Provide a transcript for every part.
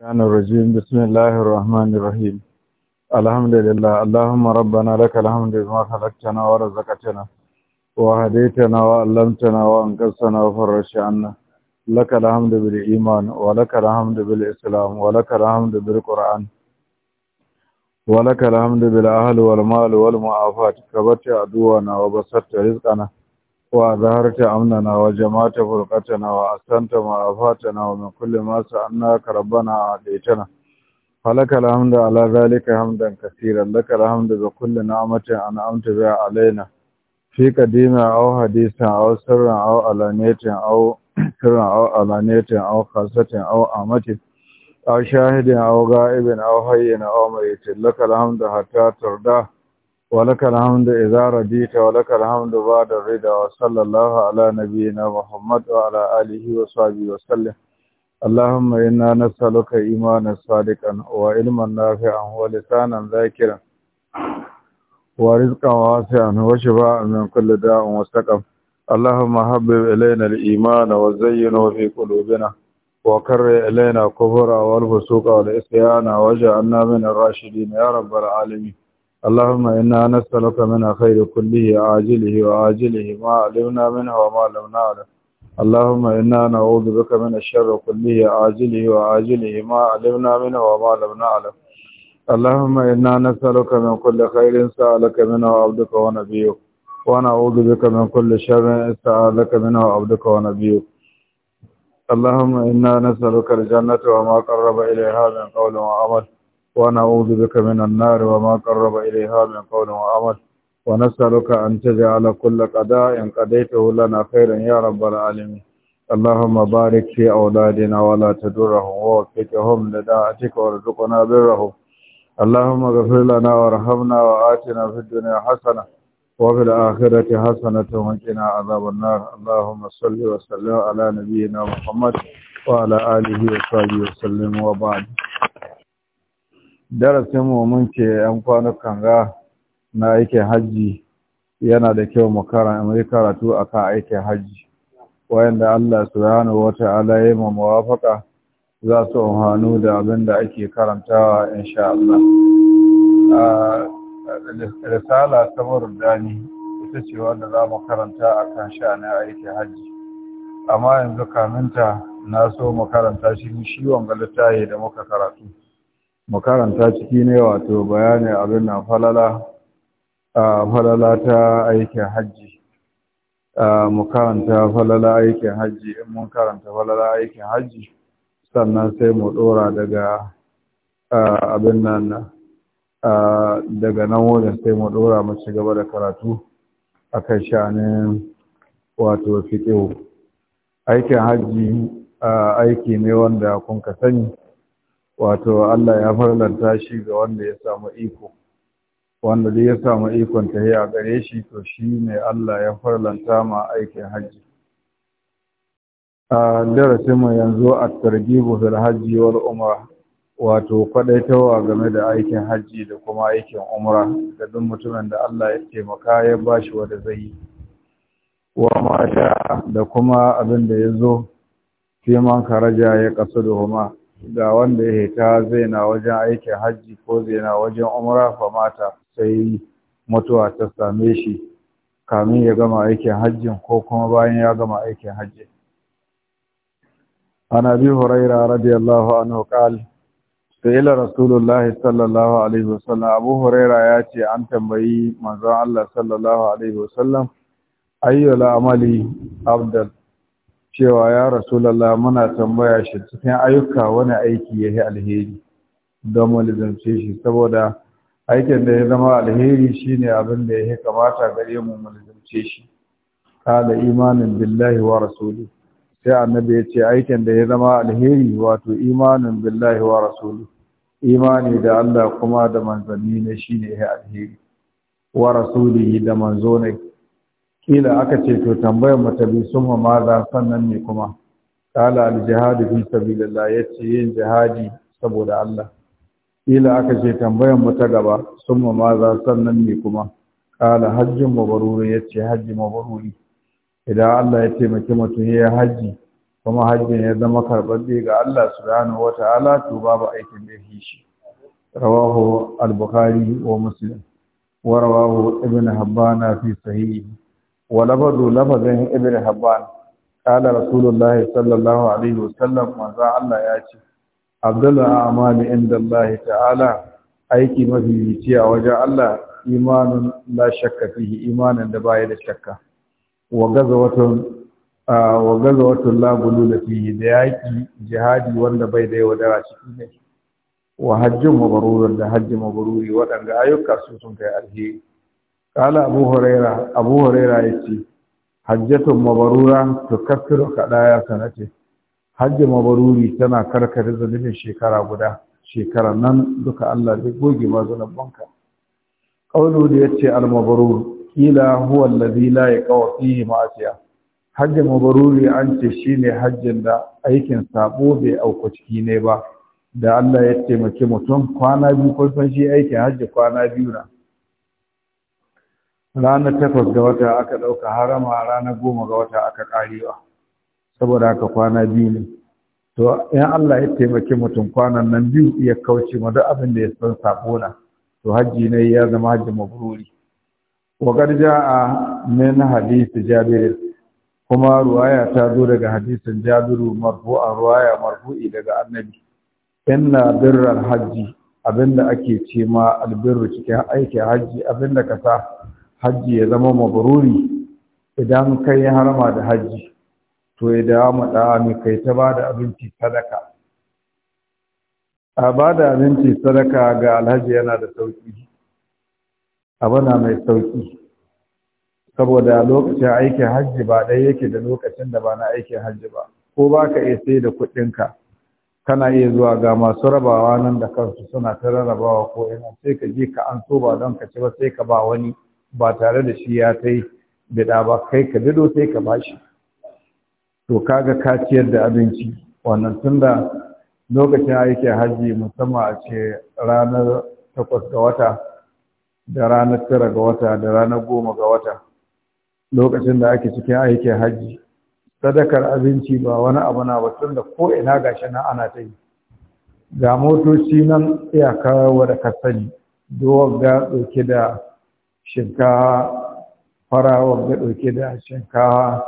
الرحمن الرجيم بسم الله الرحمن الرحيم الحمد لله اللهم ربنا لك الحمد بما خلقتنا ورزقتنا وهديتنا وعلمتنا وانقذتنا وفرجت عنا لك الحمد بالإيمان ولك الحمد بالإسلام ولك الحمد بالقرآن ولك الحمد بالأهل والمال والمعافات كبرت عدونا وبسطت رزقنا Ku a ta amnana wa jama'a ta furga ta nawa, a santa ma a fata nawa mai kullum masu annaka, rabba na a ajiyeta na. A lakal hamdu a lazalika hamdan kassirin, laƙal hamdu da kullum na amince na ana amsa bai alaina. Shi kadimai, au hadisan awa sirri au al'adun yake au shahidin, au ga'ibin, au haiyyar, na aumar yake, laƙal hamdu na ولك الحمد إذا رديت ولك الحمد بعد الرضا وصلى الله على نبينا محمد وعلى آله وصحبه وسلم اللهم إنا نسألك إيمانا صادقا وعلما نافعا ولسانا ذاكرا ورزقا واسعا وشفاء من كل داء وسقم اللهم حبب إلينا الإيمان وزينه في قلوبنا وكرر إلينا الكفر والفسوق والعصيان واجعلنا من الراشدين يا رب العالمين اللهم إنا نسألك من خير كله عاجله وعاجله ما علمنا منه وما لم نعلم اللهم إنا نعوذ بك من الشر كله عاجله وعاجله ما علمنا منه وما لم نعلم اللهم إنا نسألك من كل خير سألك منه عبدك ونبيك ونعوذ بك من كل شر سألك منه عبدك ونبيك اللهم إنا نسألك الجنة وما قرب إليها من قول وعمل ونعوذ بك من النار وما قرب إليها من قول وعمل ونسألك أن تجعل كل قضاء قضيته لنا خيرا يا رب العالمين اللهم بارك في أولادنا ولا تدرهم ووفقهم لداعتك وارزقنا برهم اللهم اغفر لنا وارحمنا وآتنا في الدنيا حسنة وفي الآخرة حسنة وقنا عذاب النار اللهم صل وسلم على نبينا محمد وعلى آله وصحبه وسلم وبعد darasin mu mun ce yan kwanukan ga na aikin hajji yana da kyau mu karatu akan aikin hajji wayanda Allah subhanahu wata ya mu mawafaka za su amfanu da abin da ake karantawa insha Allah risala ta murdani ita ce wanda za mu karanta akan sha'anin aikin hajji amma yanzu kaminta na so mu karanta shi shi wanga littafi da muka karatu mu karanta ciki ne wato bayani abin na falala falala ta aikin hajji mu karanta falala aikin hajji in mun karanta falala aikin hajji sannan sai mu dora daga abin nan daga nan wurin sai mu dora mu ci gaba da karatu a kan shanin wato fiƙihu aikin hajji aiki ne wanda kun ka sani wato Allah ya farlanta shi ga wanda ya samu iko wanda da ya samu ikon ta a gare shi to shi ne Allah ya farlanta ma aikin hajji a darasinmu yanzu a targibu fil hajji wal umra wato kwadaitawa game da aikin hajji da kuma aikin umra da duk mutumin da Allah ya taimaka ya bashi wanda zai wa mata, da kuma abin da ya zo ka karaja ya kasu da huma ga wanda ya hita zai na wajen aikin hajji ko zai na wajen umra fa mata sai mutuwa ta same shi kamin ya gama aikin hajjin ko kuma bayan ya gama aikin hajji an abi huraira radiyallahu anhu qal ila rasulullahi sallallahu alaihi wasallam abu huraira ya ce an tambayi manzon Allah sallallahu alaihi wasallam ayyul amali afdal cewa ya rasulallah muna tambaya shi cikin ayyuka wani aiki ya yi alheri don mu lizance shi saboda aikin da ya zama alheri shine abin da ya yi kamata gare mu mu lizance shi kala imanin billahi wa rasuli sai annabi ya ce aikin da ya zama alheri wato imanin billahi wa rasuli imani da Allah kuma da manzanni ne shine ya alheri wa rasuli da manzo ne kila aka ce to tambayar mata bi sun ma maza sannan ne kuma kala aljihadu fi sabilillah yace yin jihadi saboda Allah kila aka ce tambayar mata gaba sun ma maza sannan ne kuma kala hajjin mabaruri yace hajji mabaruri idan Allah ya taimaki mutum ya hajji kuma hajjin ya zama karɓaɓɓe ga Allah subhanahu wata'ala to babu aikin da yake shi rawahu al-bukhari wa muslim wa rawahu ibn habbana fi sahihi ولفظ لفظ ابن حبان قال رسول الله صلى الله عليه وسلم ذا الله ياتي عبد الاعمال عند الله تعالى aiki mafi a wajen Allah imanin la shakka fihi imanin da baya da shakka wa gazawatun wa gazawatun la fihi da yaki jihadi wanda bai da yawa ciki ne wa hajjin mabrurun da hajji mabruri waɗanda ayyuka su kai alheri Ƙala abu huraira abu huraira ya ce hajjatun mabarura to kafiru kaɗaya sanate hajji mabaruri tana karkare zunubin shekara guda shekara nan duka allah zai goge ma zunubanka ƙaunu da ya ce almabarur kila huwa allazi la yaqaw fihi ma'asiya hajji mabaruri Ance ce shine hajjin da aikin sabo bai auka ciki ne ba da Allah ya taimaki mutum kwana biyu kun san shi aikin hajji kwana biyu na ranar takwas ga wata aka ɗauka harama ranar goma ga wata aka ƙarewa saboda haka kwana biyu ne to in Allah ya taimaki mutum kwanan nan biyu ya kauce ma duk abin da ya san sabo na to hajji ne ya zama hajji mabruri wa garja a min hadisi jabir kuma ruwaya ta zo daga hadisin jabiru marfu'a ruwaya marfu'i daga annabi inna birral hajji abinda ake ce ma albirru cikin aikin hajji abinda ka sa hajji ya zama mabururi. idan kai harma da hajji to ya dawo mu da mai kai ta ba da abinci sadaka a ba da abinci sadaka ga alhaji yana da sauki abana mai sauki saboda lokacin aikin hajji ba ɗaya yake da lokacin da ba na aikin hajji ba ko ba ka iya sai da kuɗinka kana iya zuwa ga masu rabawa nan da kansu suna ta rarrabawa ko ina sai ka je ka an so ba don ka ci ba sai ka ba wani ba tare da shi ya yi bida ba kai ka dido sai ka bashi to ka ga kaciyar da abinci wannan tun da lokacin aikin hajji musamman a ce ranar takwas ga wata da ranar tara ga wata da ranar goma ga wata lokacin da ake cikin aikin hajji sadakar abinci ba wani abu na ba da ko ina gashi nan ana ta yi ga motoci nan iyaka wadda ka sani ga ɗauke da shinkawa fara wadda ɗauke da shinkawa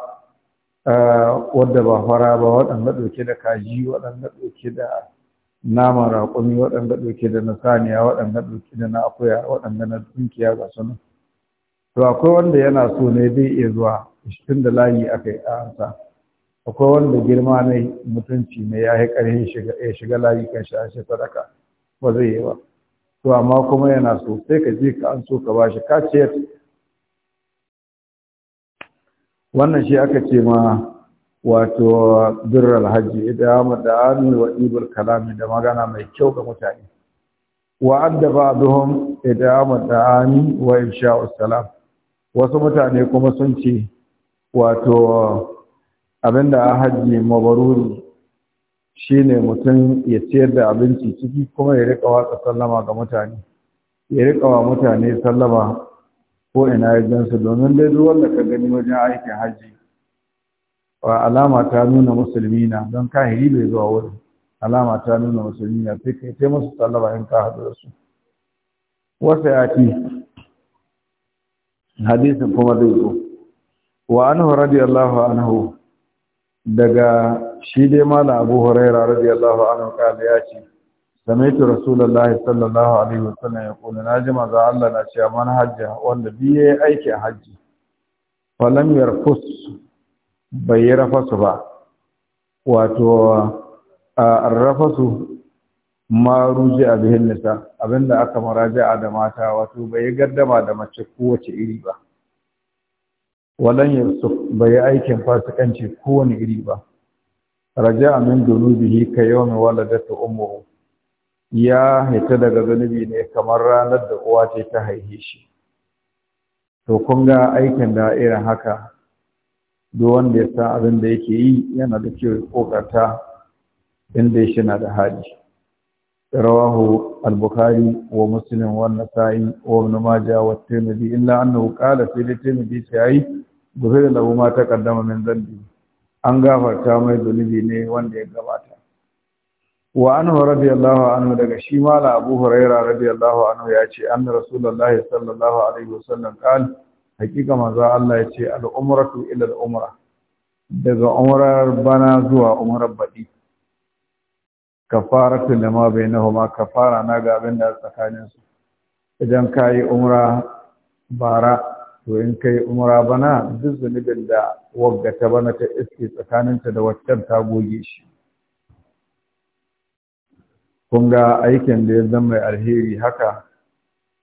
eh, wadda ba fara ba waɗanda ɗauke da kaji waɗanda ɗauke da naman raƙumi waɗanda ɗauke da na saniya waɗanda ɗauke da na akuya waɗanda na tunkiya ga sunan to akwai wanda yana so ne zai iya zuwa tun da layi aka yi ansa akwai wanda girma ne mutunci ne ya yi ƙarfin ya shiga layi kan shi a shi sadaka ba zai yi ba to amma kuma yana so sai ka je ka an so ka ba shi kaciyar wannan shi aka ce ma wato birral hajji idamu da ami wa ibul kalami da magana mai kyau ga mutane wa addaba duhum idamu da ami wa insha'u salam wasu mutane kuma sun ce wato abinda a hajji mabaruri Shi ne mutum ya ciyar da abinci ciki kuma ya rika watsa sallama ga mutane ya rika wa mutane sallama ko ina ya gansu domin dai duk wanda ka gani wajen aikin hajji wa alama ta nuna musulmi na don kahiri bai zuwa wurin alama ta nuna musulmi na sai kai sai musu sallama in ka haɗu da su wasu yaki hadisin kuma zai zo wa anhu radiyallahu anhu daga shi dai malam abu huraira radiyallahu anhu kala, ya ce samaitu rasulullahi sallallahu alaihi wasallam ya kula na ji maza Allah na cewa man hajja wanda bi aiki aikin hajji falam yarfus bai yi rafasu ba wato a rafasu ma ruji a bihin nisa abinda aka maraja da mata wato bai yi gaddama da mace kowace iri ba walan yusuf bai yi aikin fasikanci kowane iri ba raja min dunubihi ka yawmi waladatu ummuhu ya hita daga zunubi ne kamar ranar da uwa ce ta haife shi to kun ga aikin da irin haka duk wanda ya san abin da yake yi yana da kyau kokarta inda shi na da hali rawahu al-bukhari wa muslim wa nasa'i wa ibn majah wa tirmidhi illa annahu qala fi tirmidhi sai ghufira lahu ma taqaddama min dhanbi an gafarta mai zunubi ne wanda ya gabata wa anhu radiyallahu anhu daga shi mala abu huraira radiyallahu anhu ya ce anna rasulullahi sallallahu alaihi wasallam kan hakika manzo Allah ya ce al umratu ila al umra daga umrar bana zuwa umrar badi kafaratu lama bainahuma kafara na ga abin da tsakanin su idan kai umra bara to in kai umara bana duk zunubin da wagga ta bana ta iske tsakaninta da waccan ta goge shi kun ga aikin da ya zama mai alheri haka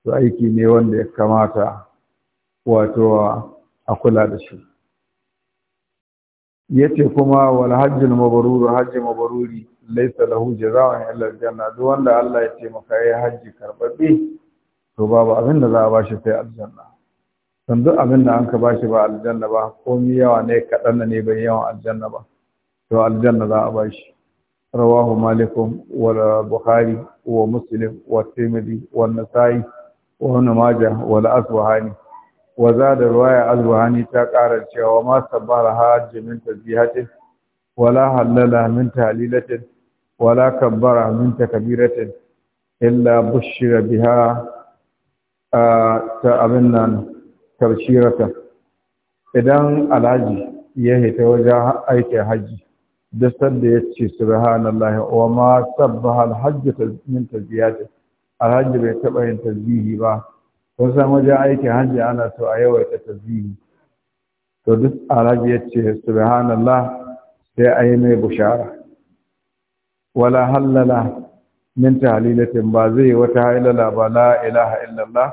to aiki ne wanda ya kamata wato a kula da shi yace kuma wal hajjul mabrur hajji mabruri laysa lahu jazaa'un illa aljanna duk wanda Allah ya taimaka ya hajji karbabe to babu abin da za a bashi sai aljanna don abin da an ka ba shi ba aljanna ba komi yawa ne kaɗan da ne bai yawan aljanna ba to aljanna za a ba shi rawahu malikum wa bukhari wa muslim wa timidi wa nasa'i wa ibn majah wa al-asbahani wa zada riwaya azwahani ta ƙara cewa ma sabbara hajji min tazihatin wala halala min tahlilatin wala kabbara min takbiratin illa bushira biha ta abin nan tabshiratan idan alhaji ya hita wajen aikin haji duk sanda ya ce subhanallah wa ma sabbaha alhajj min taziyati alhaji bai taba yin tazihi ba kun san wajen aikin haji ana so a yawaita tazihi to duk alhaji ya ce subhanallah sai a yi mai bushara wala hallala min tahlilatin ba zai wata halala ba la ilaha illallah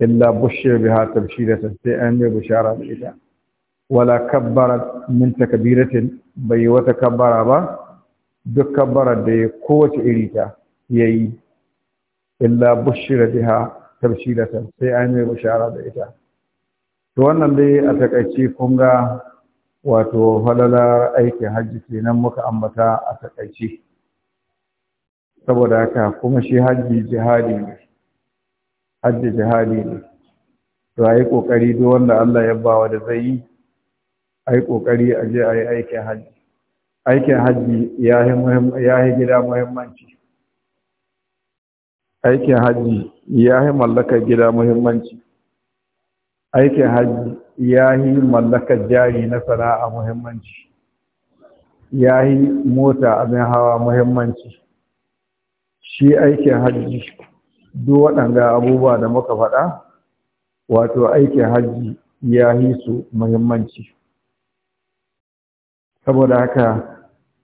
illa bushir biha tabshiratan sai an mai bushara da ita wala kabbara min takbiratin bai wata kabbara ba duk kabbara da ya kowace iri ta yayi illa bushira biha tabshiratan sai an mai bushara da ita to wannan dai a takaice kun ga wato falalar aikin hajji kenan muka ambata a takaice saboda haka kuma shi hajji jihadi ne hajji jihadi ne to a yi ƙoƙari duk wanda Allah ya bawa da zai yi a yi ƙoƙari a je a yi aikin hajji aikin hajji ya yi gida muhimmanci aikin hajji ya yi mallakar gida muhimmanci aikin hajji ya yi mallakar jari na sana'a muhimmanci ya yi mota abin hawa muhimmanci shi aikin hajji duk waɗanda abubuwa da muka faɗa wato aikin hajji ya yi su muhimmanci saboda haka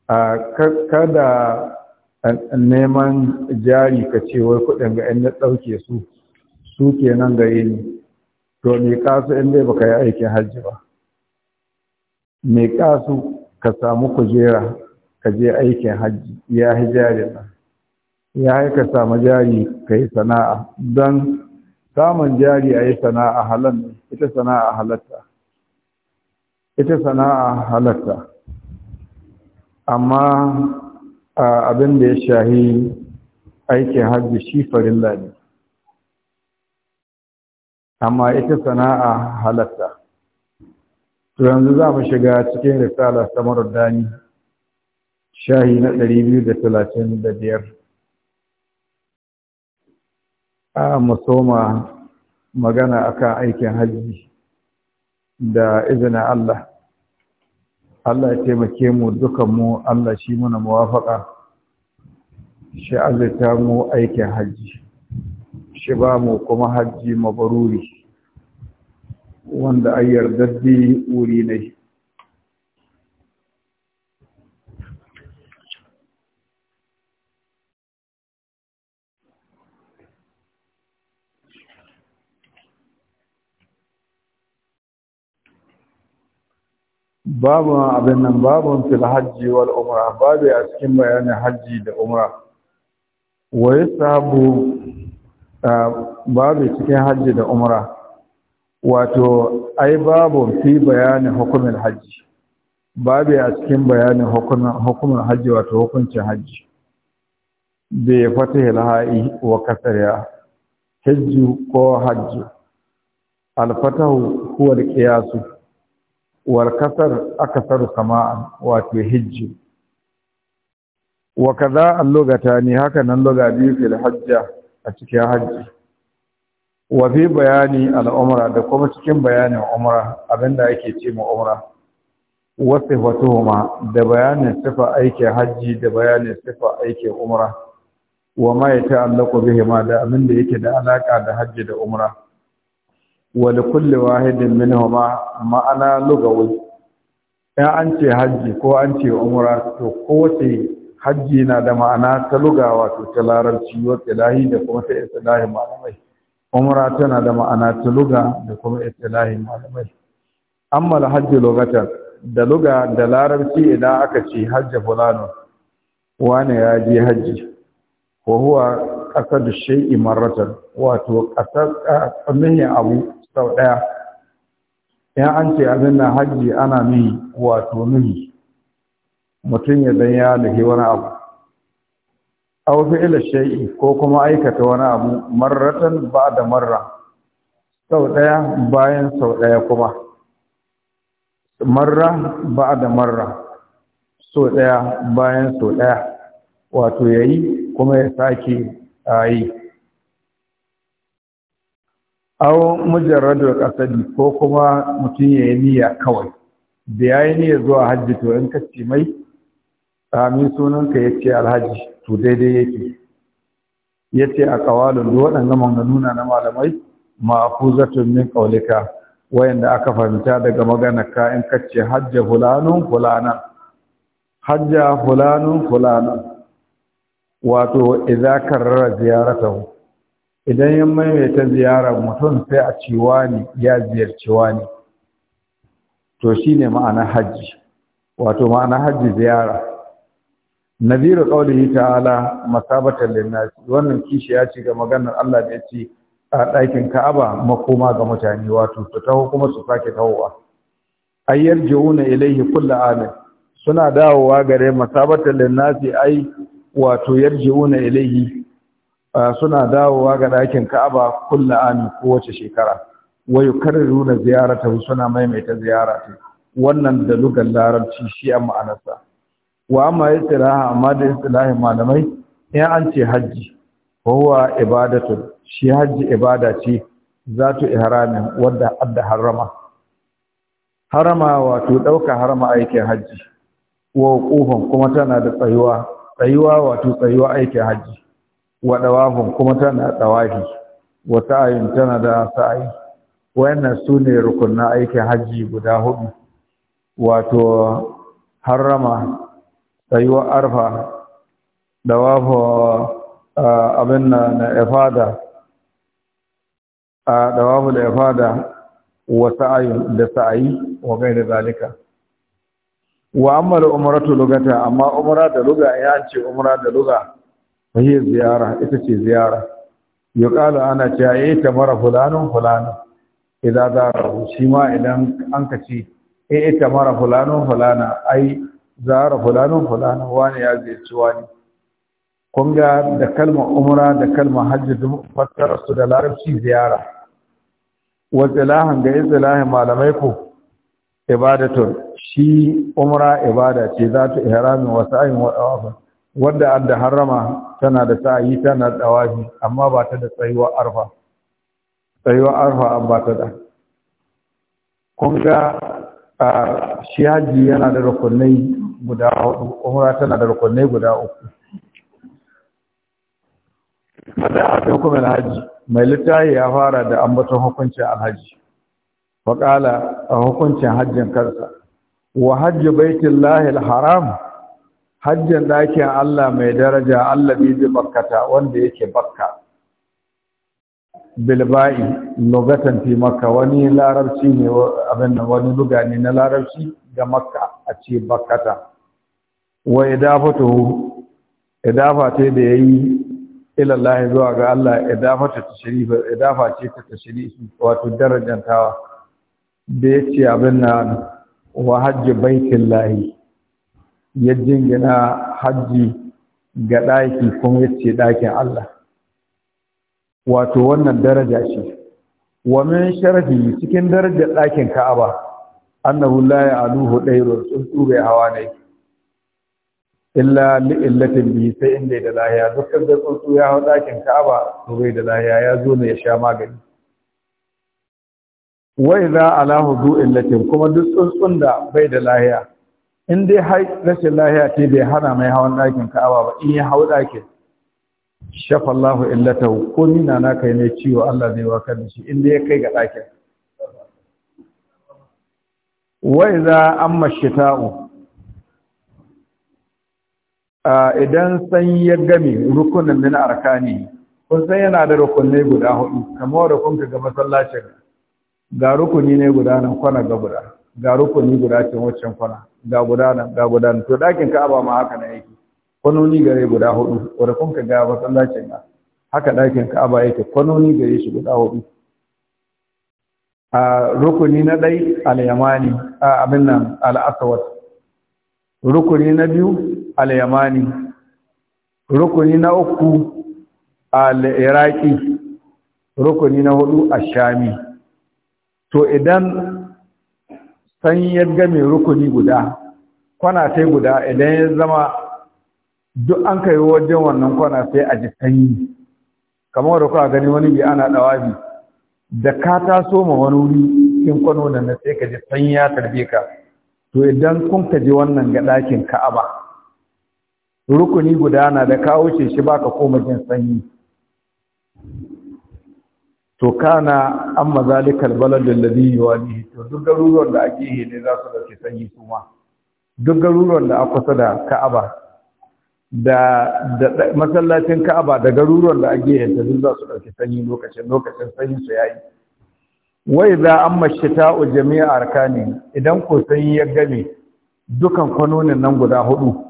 a kada neman jari ka ce wai kuɗin ga 'yan na ɗauke su su ke nan gare ni to me kasu in dai baka yi aikin hajji ba me kasu ka samu kujera ka je aikin hajji ya hijarin nan ya haika samu jari ka yi sana'a don samun jari a yi sana'a ne, ita sana'a halatta ita sana'a halatta amma abin da ya shahi aikin hajji shi farilla ne amma ita sana'a halatta to yanzu za mu shiga cikin risala samarar dani shahi na 235 a musoma magana akan aikin hajji da izinin Allah Allah ya taimake mu dukanmu Allah shi muna muwafaka shi azurta mu aikin hajji shi ba mu kuma hajji mabaruri wanda ayyar yardaddi wuri ne babu abin nan babu fil hajji wal umra babu a cikin bayanin hajji da umra wa yasabu babu cikin hajji da umra wato ai babu fi bayanin hukumin hajji babu a cikin bayanin hukumin hajji wato hukuncin hajji bai al ha'i wa kasariya hajju ko hajju alfatahu huwa alqiyasu wal kasar akasaru sama'an wato hijji wa kaza allugata ne haka nan luga biyu fil hajja a cikin hajji wa fi bayani al'umra da kuma cikin bayanin umra abinda ake ce ma umra wa sifatuhuma da bayanin sifa aikin hajji da bayanin sifa aikin umra wa ma ya ta'allaqu bihi ma da abinda yake da alaka da hajji da umra wa li kulli wahidin minhuma ma'ana lugawi in an ce hajji ko an ce umra to kowace hajji na da ma'ana ta lugawa to ta larabci wa ilahi da kuma ta istilahi malamai umra tana da ma'ana ta luga da kuma istilahi malamai amma da hajji lugatan da luga da larabci idan aka ce hajji fulano wane ya je hajji wa huwa qasadu shay'i marratan wato qasad abu sau ɗaya in an ce abin na hajji ana nuhi wato nuhi mutum ya dan ya nuhi wani abu aw fi'ila shay'i ko kuma aikata wani abu marratan da marra sau ɗaya bayan sau ɗaya kuma marra ba da marra Sau ɗaya bayan sau ɗaya wato ya yi kuma ya sake a yi aw al-qasdi ko kuma mutum ya yi niyya kawai da ya yi niyya zuwa hajji to in kace mai amin sunanka ya ce alhaji to daidai yake yace a kawalin da Waɗannan nuna na malamai ma'afuzatun min qawlika wayanda aka fahimta daga ka in kace hajja fulanun fulana hajja fulanun fulana wato idza karra ziyaratahu idan ya maimaita ziyarar mutum sai a ce wani ya ziyarci wani to shi ne ma'anar hajji wato ma'anar hajji ziyara naziru qaulihi ta'ala masabatan linnasi, wannan kishi ya ce ga maganar Allah da ya ce a ɗakin Ka'aba makoma ga mutane wato su taho kuma su sake tahowa ayyar jiuna ilaihi kulla amin suna dawowa gare masabatan linnasi ai wato na ilaihi suna dawowa ga ɗakin Ka'aba kulla amin kowace shekara wa yukarriruna ziyarata suna maimaita ziyarata wannan da lugar larabci shi a ma'anarsa wa amma tsiraha amma da ya istilahin malamai in an ce hajji wa huwa ibadatu shi hajji ibada ce zatu ihramin wadda adda harama harama wato ɗauka harama aikin hajji wa ƙufan kuma tana da tsayuwa tsayuwa wato tsayuwa aikin hajji waɗawafin kuma tana dawafi wata ayin tana da sa'ayi wayannan su ne rukunna aikin hajji guda hudu wato harrama tsayuwa arfa dawafin abin na ifada a dawafin da ifada wa sa'ayin da sa'ayi wa da zalika wa amma da umaratu lugata amma umara da luga ya ce umara da luga wahiyar ziyara ita ce ziyara yuqalu ana cewa eh tamara fulanun fulanun idan zarahu shi ma idan an ka ce eh tamara fulanun fulana ai zara fulanun fulana wani ya ziyarci wani Kunga da kalmar umra da kalmar hajji duk fassara su da larabci ziyara wa tsilahan ga tsilahin malamai ku ibadatun shi umra ibada ce za ta ihramin wasu ayin wadda adda harama tana da sa'ayi tana da tsawafi amma ba ta da tsayuwa arfa tsayuwa arfa an ba ta da kun ga shi haji yana da rukunai guda hudu umra tana da rukunai guda uku da hukumar haji mai littafi ya fara da ambaton hukuncin alhaji faƙala a hukuncin hajjin karsa wa hajji lahil haram hajjan ɗakin Allah mai daraja Allah bi bakkata wanda yake bakka bilba'i lugatan fi makka wani larabci ne abin da wani luga ne na larabci ga makka a ce bakkata wa idafatu idafa ta da yayi ila Allah zuwa ga Allah idafatu ta idafa ce ta tashrifi wato darajantawa da yace abin nan wa hajji baitillahi ya jingina hajji ga ɗaki kuma ya ce ɗakin Allah wato wannan daraja ce wa min sharafi cikin darajar ɗakin Ka'aba annahu ya ya'aluhu dairun tsuntsu bai hawa ne illa li'illatin bi sai inda da lahiya dukkan da ya hau ɗakin Ka'aba to bai da lahiya ya zo ne ya sha magani Wai za a hudu illatin kuma duk tsuntsun da bai da lahiya in dai har rashin lahiya ce bai hana mai hawan ɗakin ka'aba ba in ya hau ɗakin shafa Allahu ko nina na kai ne, ciwo Allah zai warkar da shi in dai ya kai ga ɗakin wa idza amma A idan sanyi ya gami rukunin min arkani kun san yana da rukunai guda hudu kamar rukunka ga masallacin ga rukuni ne guda nan kwana ga guda ga rukuni guda cin waccan kwana ga gudanar ga gudanar to dakin ka'aba ma haka na yake kwanoni gare guda hudu wanda kun ka ga masallacin nan haka dakin ka'aba yake kwanoni gare shi guda hudu a rukuni na dai al-yamani a abin nan al-aswad rukuni na biyu al-yamani rukuni na uku al-iraqi rukuni na hudu ash-shami to idan sanyi ya game rukuni guda kwana guda idan ya zama duk an kai wajen wannan kwana sai a ji sanyi kamar da kuwa gani wani bi ana dawabi da ka taso ma wani wuri cikin kwano nan na sai ka ji sanyi ya tarbe ka to idan kun ka ji wannan ga ɗakin ka'aba rukuni guda na da kawo ce shi baka koma jin sanyi to kana amma zalikal balad alladhi yuwalihi to duk garuruwan da ake yi ne za su dauke sanyi kuma duk garuruwan da aka kusa da Ka'aba da masallacin Ka'aba da garuruwan da ake yi ta duk za su dauke sanyi lokacin lokacin sanyi su yayi wa idza amma shita'u jami'a arkani idan ko sanyi ya game dukan kwanonin nan guda hudu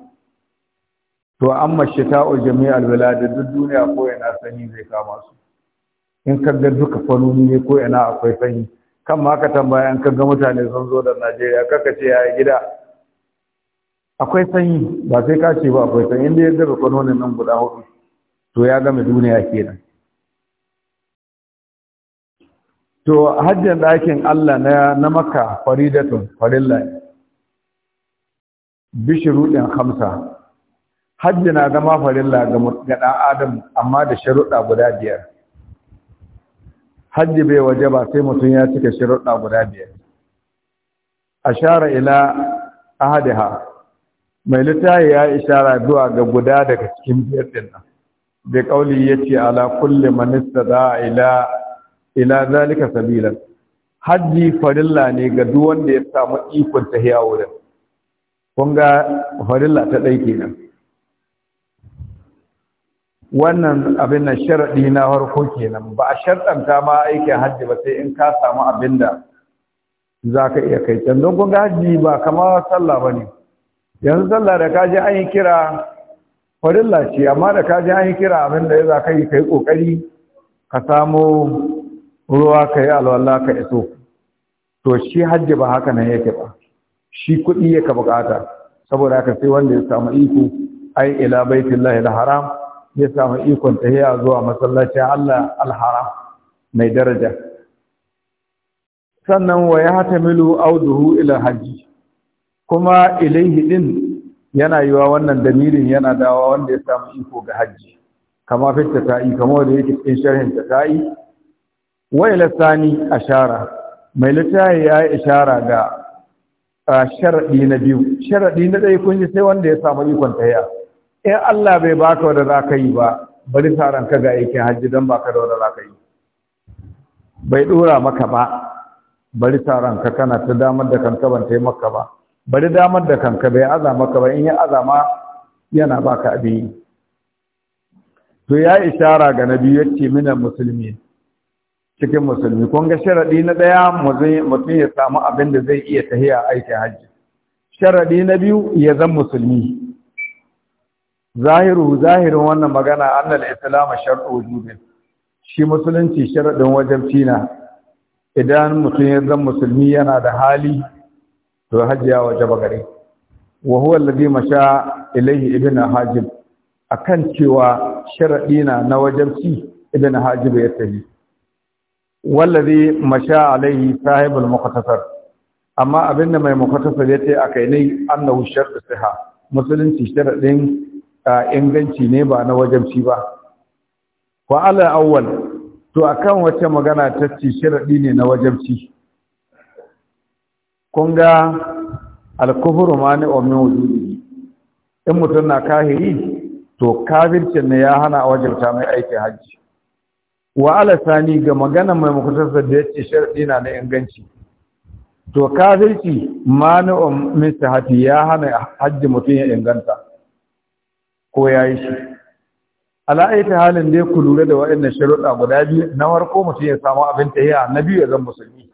to amma shita'u jami'a bilad duk duniya ko yana sanyi zai kama su in ka ga duka fanoni ne ko ina akwai sanyi kan ma ka tambaya in ka ga mutane sun zo da Najeriya kaka ce ya gida akwai sanyi ba sai ka ce ba akwai sanyi inda ya gaba fanonin nan guda hudu to ya gama duniya kenan to hajjan ɗakin Allah na na maka faridatun farilla bishiruɗin hamsa hajji na zama farilla ga ɗan adam amma da sharuɗa guda biyar hajji bai waje ba sai mutum ya cika sharuɗa guda biyar A shara ila ahadiha mai littafi ya ishara zuwa ga guda daga cikin biyar din nan da kauli ce ala kulle man za ila ila zalika sabila hajji farilla ne ga duk wanda ya samu ikon tahiya wurin kun ga farilla ta ɗai kenan wannan abin nan sharadi na farko kenan ba a sharɗanta ma aikin hajji ba sai in ka samu abin da za ka iya kai can don ga hajji ba kamar sallah bane, yanzu sallah da kaji an yi kira farilla ce amma da kaji an yi kira abin da ya za ka yi kai kokari ka samo ruwa ka yi alwala ka iso to shi hajji ba haka nan yake ba shi kuɗi yake bukata saboda haka sai wanda ya samu iko ai ila baitillahi haram ya samu ikon tahiya zuwa masallacin Allah al mai daraja sannan wa ya milu auduhu ila hajji kuma ilaihi din yana yiwa wannan damirin yana dawa wanda ya samu iko ga hajji kama ta ta'i kama da yake cikin sharhin ta yi. wa ila sani ashara mai littafi ya ishara ga sharadi na biyu sharadi na ɗaya kun ji sai wanda ya samu ikon tahiya in Allah bai baka wadda za ka yi ba bari taron ka ga aikin hajji don baka da wadda za ka yi bai dora maka ba bari taron ka kana ta damar da kanka ban ta maka ba bari damar da kanka bai aza maka ba in ya azama yana baka abin yi. to ya ishara ga na biyu yace minan musulmi cikin musulmi kun ga sharadi na daya mutum ya samu abin da zai iya tahiya aikin hajji sharadi na biyu ya zan musulmi zahiru zahirin wannan magana annal islam shar'u wujubin shi musulunci sharadin wajibci na idan mutum ya zama musulmi yana da hali to ya wajaba gare wa huwa alladhi masha ilayhi ibn hajib akan cewa sharadi na na ci, ibn hajib ya tafi wallazi masha alaihi sahibul muqtasar amma abinda mai muqtasar yace akai ne annahu shart siha musulunci sharadin A inganci ne ba na wajabci ba wa ala awwal to akan wace magana ta ci sharadi ne na wajabci kun ga al-kufru mani wa min wujudi in mutum na kahiri to kafircin ne ya hana wajabta mai aikin hajji wa ala sani ga magana mai mukutarsa da yace sharadi na na inganci to kafirci mani wa min sahati ya hana hajji mutum ya inganta ko ya yi shi ala'aita halin dai ku lura da waɗannan sharuɗa guda biyu na farko mutum ya samu abin a na biyu ya zan musulmi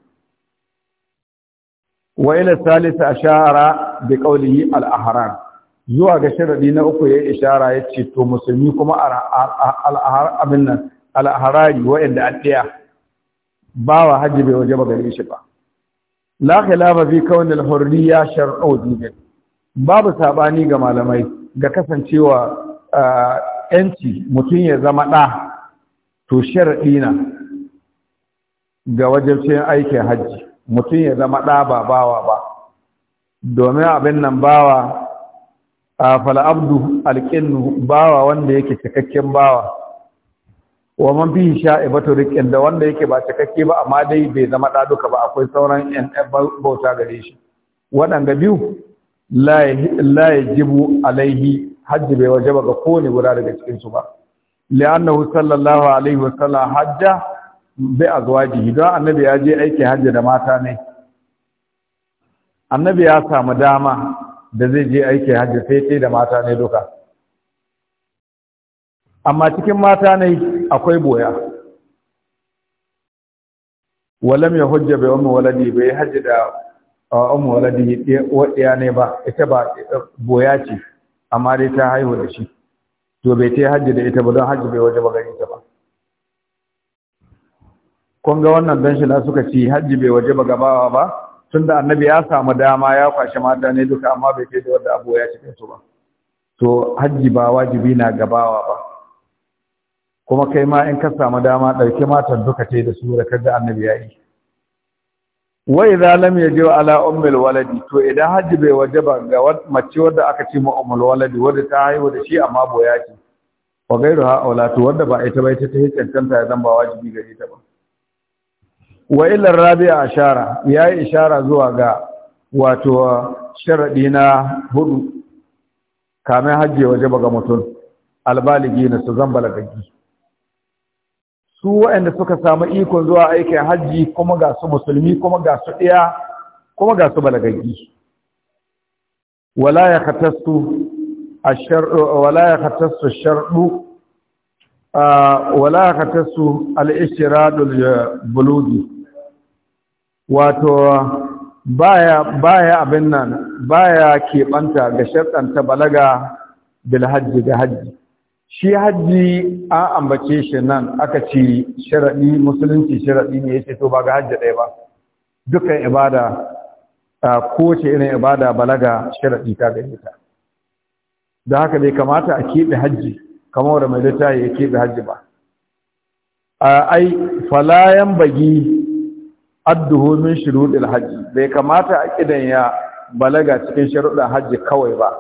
wa ila a shara da ƙaunin yi al'aharar zuwa ga sharaɗi na uku ya yi ishara ce to musulmi kuma al ahram abin nan al ahrari haji bai waje ba gari shi ba la khilafa fi hurriya shar'u dinin babu sabani ga malamai ga kasancewa ‘yanci mutum ya zama ɗa to sharaɗi na ga wajabcin aikin hajji mutum ya zama ɗa ba bawa ba domin abin nan bawa a fal'abdu alƙinnu bawa wanda yake cikakken bawa wa man sha'i sha'ibatu riqin da wanda yake ba cikakke ba amma dai bai zama ɗa duka ba akwai sauran 'yan bauta gare shi waɗanda biyu la jibu alaihi hajji bai wajaba ga kowane guda daga cikinsu ba li'annahu sallallahu alaihi wa sallam hajja bi azwajihi don annabi ya je aiki hajji da mata ne annabi ya samu dama da zai je aiki hajji sai sai da mata ne duka amma cikin mata ne akwai boya walam ya hujja bai wani waladi bai hajji da a umu waladi wadiya ne ba ita ba boya ce amma dai ta haihu da shi to bai ta hajji da ita ba don hajji bai waje ba gare ta ba kun ga wannan dan shila suka ci hajji bai waje ba gabawa ba Tun da annabi ya samu dama ya kwashe mata ne duka amma bai kai da wanda abu ya cikin su ba to hajji ba wajibi na gabawa ba kuma kai ma in ka samu dama ɗauki matan duka ce da su da kaga annabi ya yi wai za lam ya je ala ummul waladi to idan hajji bai wajaba ga mace wadda aka ce ma ummul waladi wadda ta haihu da shi amma boya ce wa gairu ha aula to wadda ba ita ba ita ta cancanta ya zan ba wajibi gare ta ba wa illa rabi'a ashara yi ishara zuwa ga wato sharadi na hudu kamar hajji wajaba ga mutum albaligi na su zan balagaggi su waɗanda suka samu ikon zuwa aikin hajji kuma ga su musulmi kuma ga su ɗaya kuma ga su balagaggi wala ya katastu wala ya sharɗu wala ya katastu al'ishiradul bulogi, wato baya baya abin nan baya keɓanta ga sharɗanta balaga bil hajji hajji shi hajji a ambace shi nan aka ci sharaɗi musulunci sharaɗi ne ya ce to ba ga hajji ɗaya ba dukkan ibada kowace irin ibada balaga sharaɗi ta gare ta da haka bai kamata a keɓe hajji kamar da mai littafi ya keɓe hajji ba A ai falayan bagi adduhu min shuruɗil hajji bai kamata a kidan ya balaga cikin sharuɗin hajji kawai ba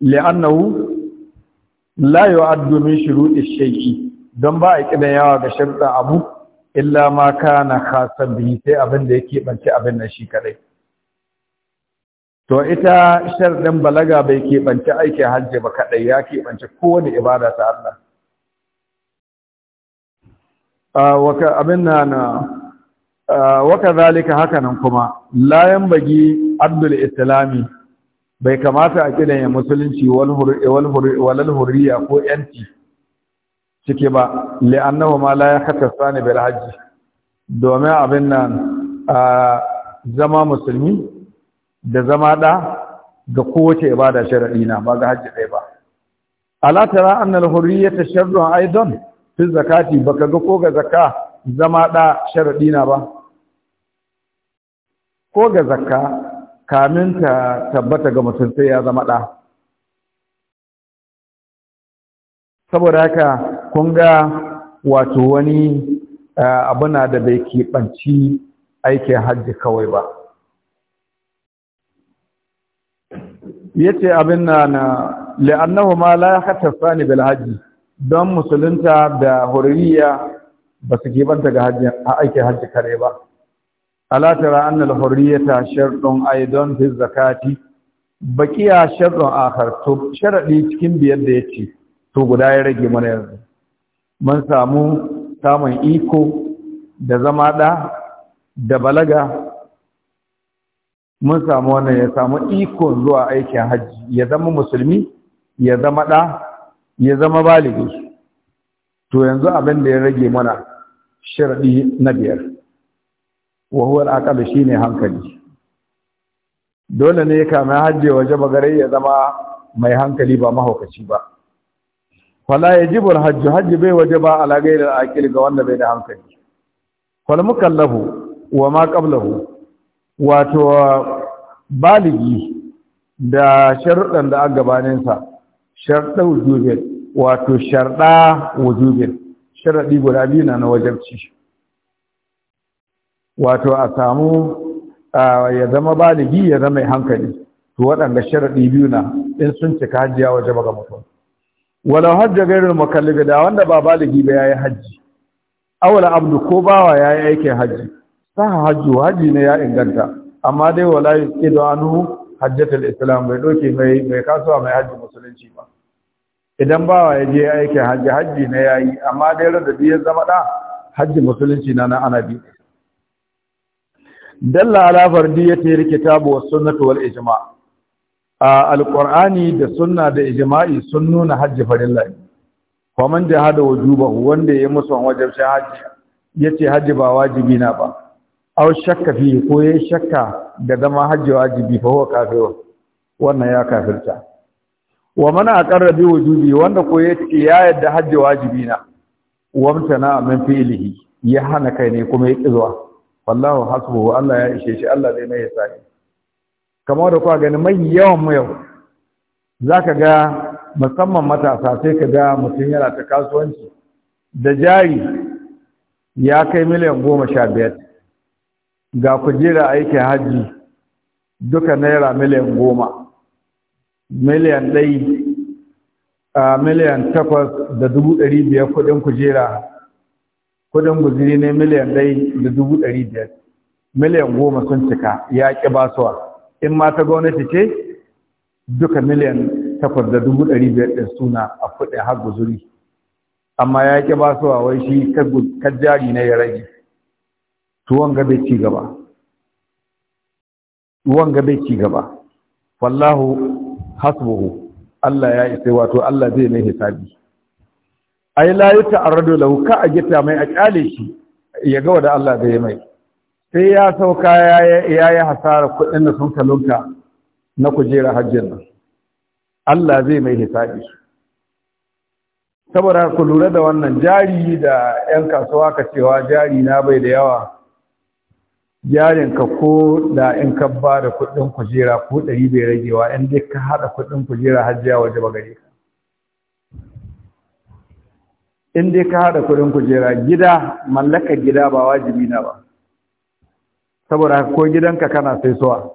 li'annahu la yu'addu min shiru shay'i don ba a kidan yawa ga sharuɗa abu illa ma ka na khasan bihi sai abin da yake abin na shi kaɗai. to ita sharɗin balaga bai ke bance aikin hajji ba kaɗai, ya ke bance kowane ibada ta Allah waka abin na na waka zalika hakanan kuma layan bagi abdul islami bai kamata a kidan ya musulunci walal hurriya ko yanci cike ba li'annahu ma la yakhtasa sani bil hajji domin abin nan a zama musulmi da zama da ga kowace ibada shar'i na ba ga hajji dai ba ala tara anna al hurriyata sharrun aidan fi zakati baka ga ko ga zakka zama da shar'i na ba ko ga zakka kamin ta tabbata ga mutum sai ya zama ɗa saboda haka kun ga wato wani abuna da bai keɓanci aikin hajji kawai ba ya ce abin na na la'annahu ma la sani bil hajji don musulunta da hurriya ba su keɓanta ga aikin hajji kare ba ala tara anna al-hurriyata shartun aidan fi zakati baqiya shartun akhar to sharadi cikin biyar da yace to guda ya rage mana yanzu mun samu samun iko da zama da da balaga mun samu wannan ya samu iko zuwa aikin hajji ya zama musulmi ya zama ɗa ya zama baligi to yanzu abin da ya rage mana shirɗi na biyar wa huwa al shine hankali dole ne mai hajji waje bagare ya zama mai hankali ba mahaukaci ba wala yajibu al-hajj hajj bai waje ba ala ghairi al ga wanda bai da hankali wal mukallahu wa ma qablahu wato baligi da sharuɗan da aka gabaninsa sharɗa wujubin wato sharɗa wujubin sharaɗi guda biyu na na wajabci wato a samu ya zama baligi ya zama mai hankali to waɗanda sharaɗi biyu na in sun cika hajji ya waje ga mutum wala hajji gairin makallibi da wanda ba baligi ba ya yi hajji awala abdu ko bawa ya yi aikin hajji sa hajji hajji ne ya inganta amma dai wala yi tsido anu hajjatul islam bai doke mai mai kasuwa mai hajji musulunci ba idan bawa ya je aikin hajji hajji ne ya yi amma dai radadi ya zama da hajji musulunci na na ana biyu dalla ala fardiyatil kitab was sunnatu wal ijma' alqur'ani da sunna da ijma'i sun nuna hajji farilla fa man jahada wujubahu wanda ya musu wajibci hajji yace hajji ba wajibi na ba aw shakka fi ko ya shakka da zama hajji wajibi fa huwa kafir wannan ya kafirta wa man aqarra bi wujubi wanda ko yace ya yadda hajji wajibi na wamtana min fi'lihi ya hana kai ne kuma ya zuwa. wallahu hasbuhu Allah ya ishe shi Allah zai mai sa'i kamar da kuwa gani mai yawan mu yau zaka ga musamman matasa sai ka ga mutum yana ta kasuwanci da jari ya kai miliyan goma sha ga kujera aikin hajji duka naira miliyan goma miliyan 1 miliyan takwas da dubu ɗari biyar kuɗin kujera kudin guziri ne miliyan dai da dubu ɗari biyar miliyan goma sun cika ya ƙi basuwa in ma ta gwamnati ce duka miliyan takwas da dubu ɗari biyar ɗin suna a kuɗi har guzuri amma ya ƙi basuwa wai shi kajjari na ya rage tuwon gabe ci gaba tuwon gabe ci gaba wallahu hasbuhu Allah ya isa wato Allah zai mai hisabi ai la yi ta'arradu lahu ka a gita mai a kyale shi ya ga wanda Allah zai mai sai ya sauka ya yi hasara kuɗin da sun talunta na kujera hajjin nan Allah zai mai hisabi saboda ku lura da wannan jari da 'yan kasuwa ka cewa jari na bai da yawa jarin ka ko da in ka ba da kuɗin kujera ko ɗari bai ragewa in dai ka haɗa kuɗin kujera hajjiya waje ba gare ka in dai ka haɗa kuɗin kujera gida mallakar gida ba wajibi na ba saboda ko gidanka kana sai suwa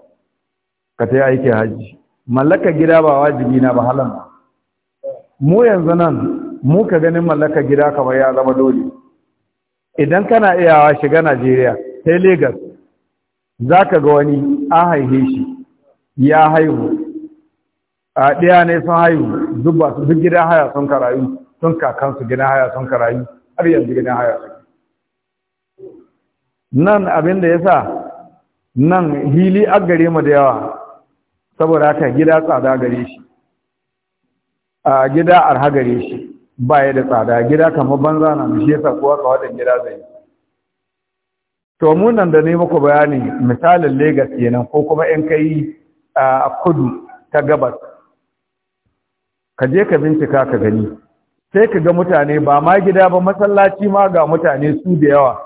ka ta yi aikin hajji mallakar gida ba wajibi na ba halan ba mu yanzu nan mu ka ganin mallakar gida kamar ya zama dole idan kana iyawa shiga najeriya sai Legas, za ka ga wani an haihe shi ya haihu a ɗaya ne sun haihu duk gida haya sun karayu sun kakansu gidan haya sun karayi har yanzu gidan haya suke nan abin da ya sa nan hili a gare mu da yawa saboda haka gida tsada gare shi a gida arha gare shi ba ya da tsada gida kamar banza na shi yasa kowa ka wadan gida zai to mu nan da ne muku bayani misalin Legas kenan ko kuma in kai a kudu ta gabas ka je ka bincika ka gani sai ka ga mutane ba ma gida ba masallaci ma ga mutane su da yawa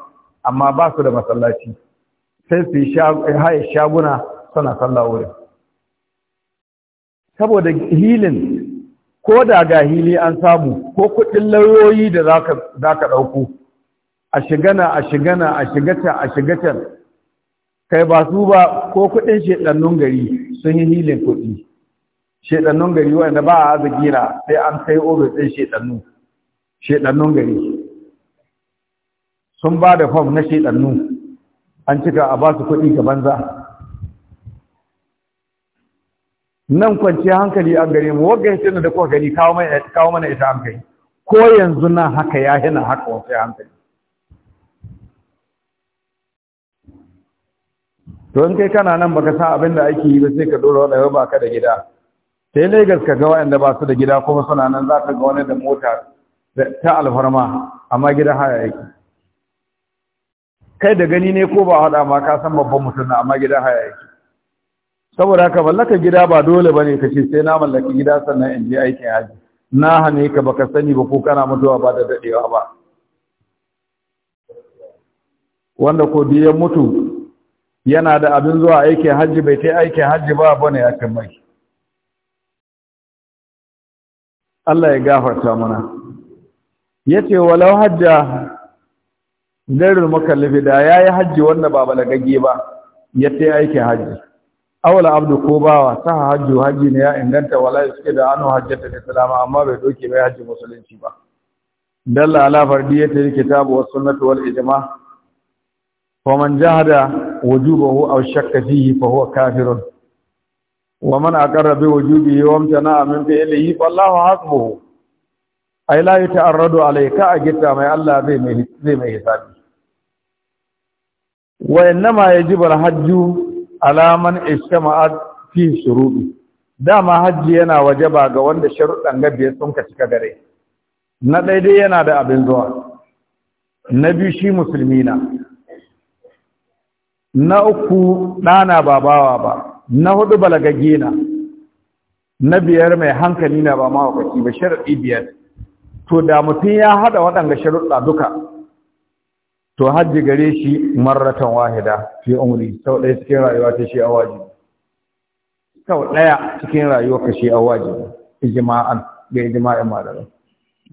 amma ba su da masallaci sai su yi shaguna suna sallah wurin saboda hilin ko da ga hili an samu ko kuɗin lauyoyi da za ka ɗauko a shigana a shigana a shigata a shigatan kai ba su ba ko kuɗin shaɗannun gari sun yi hilin kuɗi shedannun gari wanda ba a azagina sai an sai obe ɗin shedannu shedannun gari sun ba da fam na shedannu an cika a ba su kuɗi ga banza nan kwanci hankali an gari mu wagga hitin da kuka gari kawo mana ita hankali ko yanzu nan haka ya hina haka wasu hankali to in kai kana nan baka san abin da ake yi ba sai ka dora wadda ba ka da gida sai Legas ka ga wayanda ba su da gida kuma suna nan za ka ga wani da mota ta alfarma amma gidan haya yake kai da gani ne ko ba hada ma ka san babban mutum na amma gidan haya yake saboda ka mallaka gida ba dole ba ne ka ce sai na mallaki gida sannan in je aikin haji na hane ka baka sani ba ko kana mutuwa ba da daɗewa ba wanda ko ya mutu yana da abin zuwa aikin haji bai ta aikin haji ba bane ya kan mai Allah ya gafarta mana yace walau hajja gairul mukallafi da ya yi hajji wanda ba balagage ba ce aiki hajji awala abdu ko ba ta hajji hajji ne ya inganta wala suke da hannu hajji da salama amma bai doke bai hajji musulunci ba dalla ya fardiyati kitabu was sunnatu wal ijma' Fa man jahada wujubahu aw shakka fihi fa huwa kafirun wa man aqarra bi wujudihi wa amtana min fi'lihi fallahu hasbuhu ai la yata'arradu alayka a gitta mai Allah zai mai zai mai hisabi wa innama yajibu al-hajju ala man ishtama'at fi dama hajji yana waje ba ga wanda sharuɗan gabe sun ka cika gare na daidai yana da abin zuwa na biyu shi musulmi na na uku ɗana babawa ba na hudu balagage na na biyar mai hankali na ba mawakaci ba sharaɗi biyar to da mutum ya haɗa waɗanga sharuɗa duka to hajji gare shi marratan wahida fi umri sau ɗaya cikin rayuwa ta shi a sau ɗaya cikin rayuwa ka shi a wajibi ijma'an ga ijma'in malamai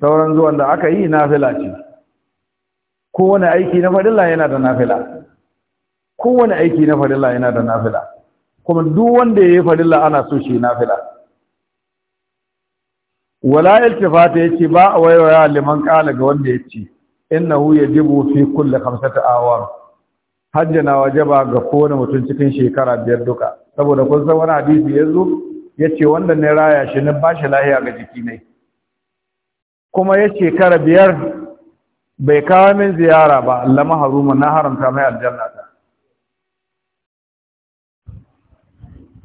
sauran zuwan da aka yi nafila ce kowane aiki na fadila yana da nafila kowane aiki na fadila yana da nafila kuma duk wanda ya yi farilla ana so shi na nafila wala iltifata yace ba a ya liman kala ga wanda ya In yace innahu yajibu fi kulli khamsati awar hajjana ba ga kowane mutum cikin shekara biyar duka saboda kun san wani hadisi yanzu yace wanda ne raya shi ne shi lahiya ga jiki ne kuma ya shekara biyar bai kawo min ziyara ba lama haruma na haramta mai aljanna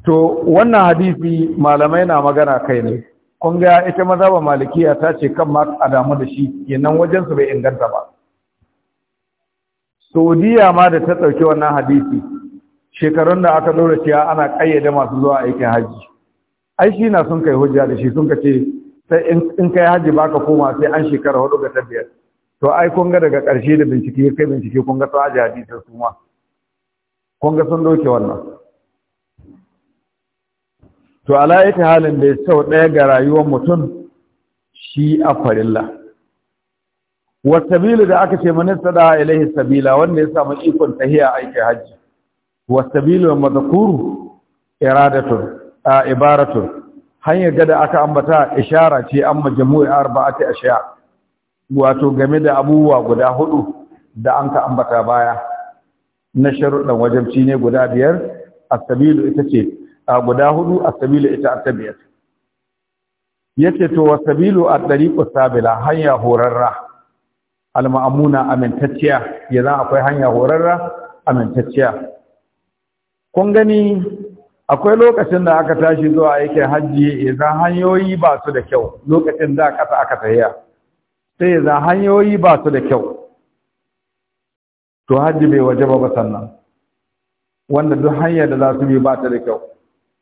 to wannan hadisi malamai na magana kai ne kun ga ita mazhaba malikiya ta ce kan ma a damu da shi kenan wajen su bai inganta ba saudiya ma da ta ɗauki wannan hadisi shekarun da aka dora cewa ana ƙayyade masu zuwa aikin haji, ai shi na sun kai hujja da shi sun kace ce sai in kai haji baka koma sai an shekara hudu ga tabbiyar to ai kun ga daga ƙarshe da bincike kai bincike kun ga sun aje hadisin su ma kun ga sun doke wannan to alayata halin da ya sau ɗaya ga rayuwar mutum shi a farilla wasabilu da aka ce manista da ilahi sabila wanda ya samu ikon tahiya aikin hajji wasabilu mazakuru iradatun a ibaratun hanyar gada aka ambata ishara ce an majamu'i arba'ati ashiya wato game da abubuwa guda hudu da an ka ambata baya na sharuɗan wajabci ne guda biyar As-Sabilu ita ce a guda hudu a sabilu ita a tabiyar ce to wa sabilu a ɗari ƙusabila hanya horarra al-ma'amuna amintacciya ya zan akwai hanya horarra amintacciya kun gani akwai lokacin da aka tashi zuwa aikin hajji ya za hanyoyi ba su da kyau lokacin da ƙasa aka tahiya sai ya zan hanyoyi ba su da kyau to hajji bai waje ba sannan wanda duk hanyar da za su bi ba ta da kyau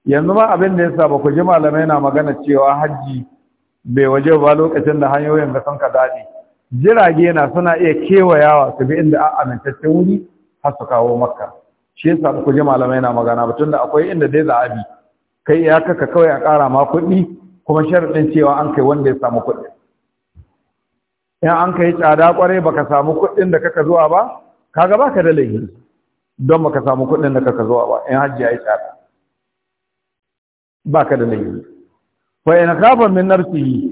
yanzu ma abin da yasa ba ku ji malamai na magana cewa hajji bai waje ba lokacin da hanyoyin da sun ka daɗe jirage na suna iya kewayawa su bi inda amintaccen wuri har su kawo makka shi yasa ku ji malamai na magana ba tunda akwai inda dai za a bi kai ya kaka kawai a ƙara ma kuɗi kuma sharaɗin cewa an kai wanda ya samu kuɗi in an kai tsada ƙwarai baka samu kuɗin da kaka zuwa ba kaga baka da laifi don baka samu kuɗin da kaka zuwa ba in hajji ya yi tsada Ba ka da laifi fa in khafa min nafsihi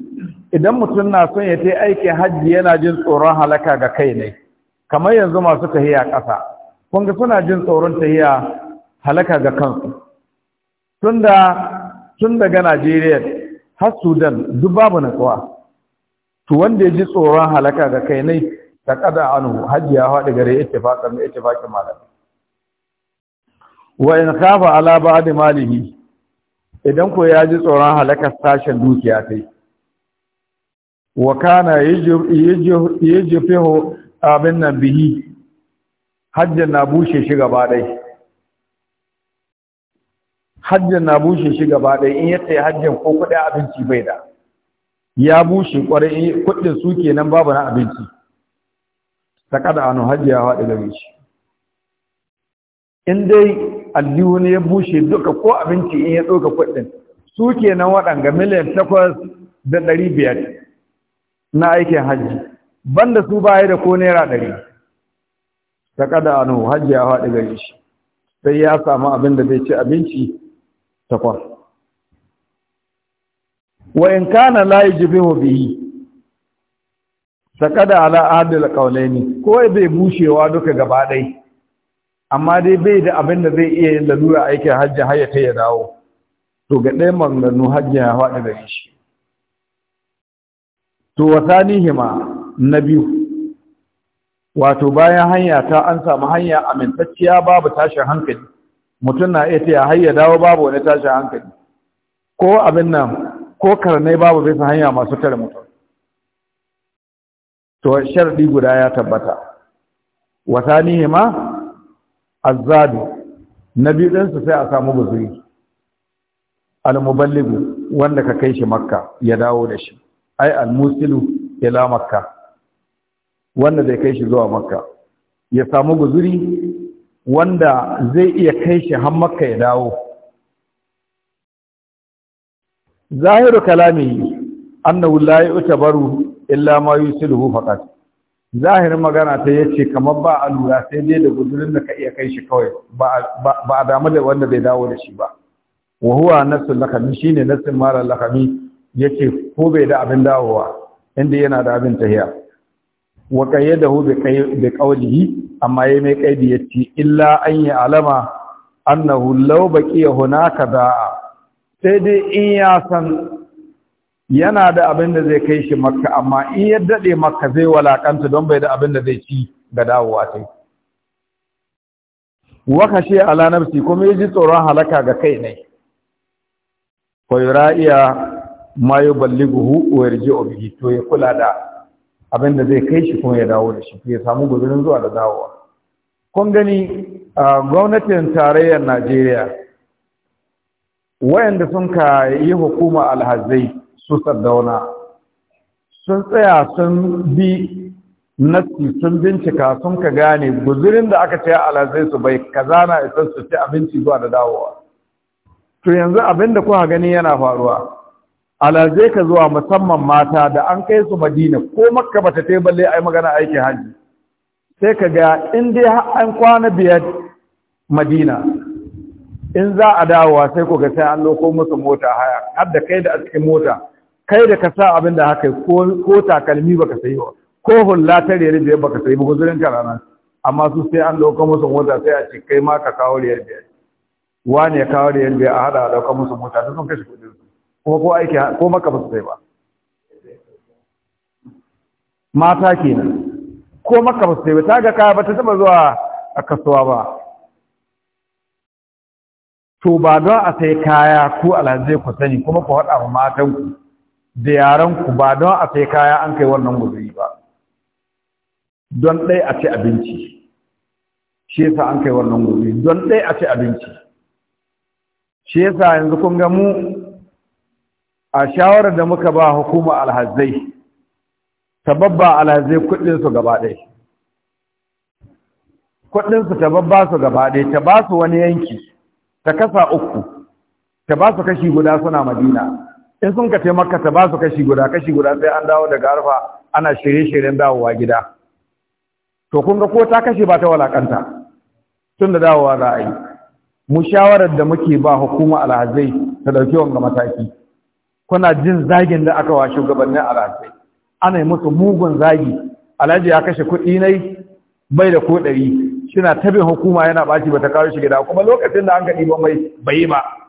idan mutum na son ya tai aikin hajji yana jin tsoron halaka ga kai ne kamar yanzu masu tahiya ƙasa kun ga suna jin tsoron tahiya halaka ga kansu tunda tun daga Najeriya har Sudan duk babu natsuwa to wanda ya ji tsoron halaka ga kai ne ta kada anhu hajji ya faɗi gare yake ittifaqin malami. wa in khafa ala ba'd malihi idan ko ya ji tsoron halakar sashen dukiya ta yi wa kana yi jifiho abin nan bihi hajjan na bushe shi gaba ɗai hajjan na bushe shi gaba ɗai in yadda ya hajjan ko kuɗi abinci bai da ya bushe ƙwarai kuɗin su kenan babu na abinci ta kada anu hajji ya faɗi da shi in dai wani ya bushe duka ko abinci in ya tsoka kuɗin su kenan waɗanga miliyan takwas da ɗari biyar na aikin hajji banda su baya da ko naira ɗari ta kada anu hajji ya faɗi gari shi sai ya samu abin da zai ci abinci takwas wa in kana la yajbihu bihi sakada ala adil qawlaini ko bai bushewa duka gaba ɗaya amma dai bai da abin da zai iya yin lalura aikin hajji har ya kai ya dawo to ga ɗaya maganganu hajji ya faɗi da shi to hima na biyu wato bayan hanya ta an samu hanya amintacciya babu tashin hankali mutum na iya taya har ya dawo babu wani tashin hankali ko abin nan ko karnai babu bisa hanya masu tare mutum to sharɗi guda ya tabbata hima. Azzabi, na biyu su sai a samu al almuballigu wanda ka kai shi makka ya dawo da shi ai almusilu ila makka wanda zai kai shi zuwa makka ya samu guzuri wanda zai iya kai shi har makka ya dawo zahiru kalami annahu la yu'tabaru illa ma yusiluhu faqat zahirin magana ta ce, kamar ba a lura sai dai da guzurin da ka iya kai shi kawai ba a damu da wanda bai dawo da shi ba wa huwa nasul lakami shi ne nasul mara lakami ce, ko bai da abin dawowa inda yana da abin tahiya wa qayyadahu bi yi amma ya mai kaidi yace illa an yi alama annahu law baqiya hunaka da'a sai dai in ya san yana da abin da zai kai shi makka amma in ya daɗe makka zai walakanta don bai da abin da zai ci ga dawowa sai waka shi ala nafsi kuma ya ji tsoron halaka ga kai ne ko yura iya ma yi balliguhu wa yarji obihi to ya kula da abin da zai kai shi kuma ya dawo da shi ya samu gudunin zuwa da dawowa kun gani gwamnatin tarayyar najeriya wayanda sun ka yi hukuma alhazai su sardauna sun tsaya sun bi nassi sun bincika sun ka gane guzurin da aka ce alazai su bai kaza na isa su ci abinci zuwa da dawowa to yanzu abin da kuka gani yana faruwa alazai ka zuwa musamman mata da an kai su madina ko makka bata ta balle yi magana aikin hajji sai ka ga in dai an kwana biyar madina in za a dawowa sai ku ga sai an loko musu mota haya har da kai da a cikin mota kai da ka sa abin da haka ko takalmi baka sai ba ko hulla ta riyar biyar baka sai ba guzurin karana rana amma su sai an dauka musu mota sai a ce kai ma ka kawo riyar biyar wani ya kawo riyar biyar a hada a dauka musu mota ta sun kashe kudin su kuma ko aiki ko maka ba su sai ba mata kenan ko maka ba su sai ba ta ga kaya ba ta taba zuwa a kasuwa ba to ba don a sai kaya ko alhazai ku sani kuma ku haɗa ma matanku da yaran ku ba don a sai kaya an kai wannan guzuri ba don ɗai a ci abinci shi yasa an kai wannan guzuri don ɗai a ci abinci shi yasa yanzu kun ga mu a shawarar da muka ba hukuma alhazai sababba alhazai kuɗinsu gaba ɗaya kuɗinsu ta babba su gaba ɗaya ta ba su wani yanki ta kasa uku ta ba su kashi guda suna madina in sun ka taimaka ta ba su kashi guda kashi guda sai an dawo daga arfa ana shirye-shiryen dawowa gida to kun ga ko ta kashe ba ta walakanta tun da dawowa za a yi mu shawarar da muke ba hukuma alhazai ta ɗauki wanga mataki kuna jin zagin da aka wa shugabannin alhazai ana yi musu mugun zagi alhaji ya kashe kuɗi nai bai da ko ɗari shina tabin hukuma yana ɓaci ba ta kawo shi gida kuma lokacin da an ga ba mai bai ba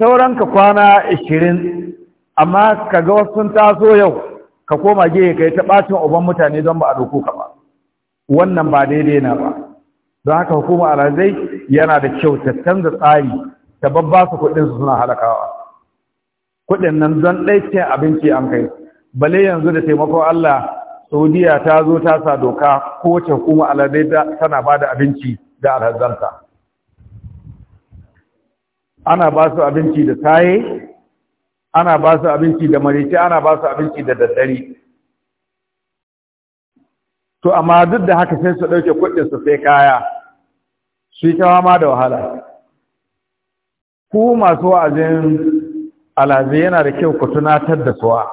sauran ka kwana ashirin amma ka ga wasu sun taso yau ka koma gehe ka yi ta ɓacin uban mutane don ba a doko ka ba wannan ba daidai na ba don haka hukuma alhazai yana da kyau ta canza tsari ta babba su kuɗin su suna halakawa kuɗin nan don ɗaikin abinci an kai bale yanzu da taimakon Allah saudiya ta zo ta sa doka kowace hukuma alhazai tana ba da abinci da alhazanta ana ba su abinci da taye ana ba su abinci da marice ana ba su abinci da daddare to amma duk da haka sai su ɗauke kuɗin su sai kaya su yi ma da wahala ku masu wa'azin alazi yana da kyau ku tunatar da suwa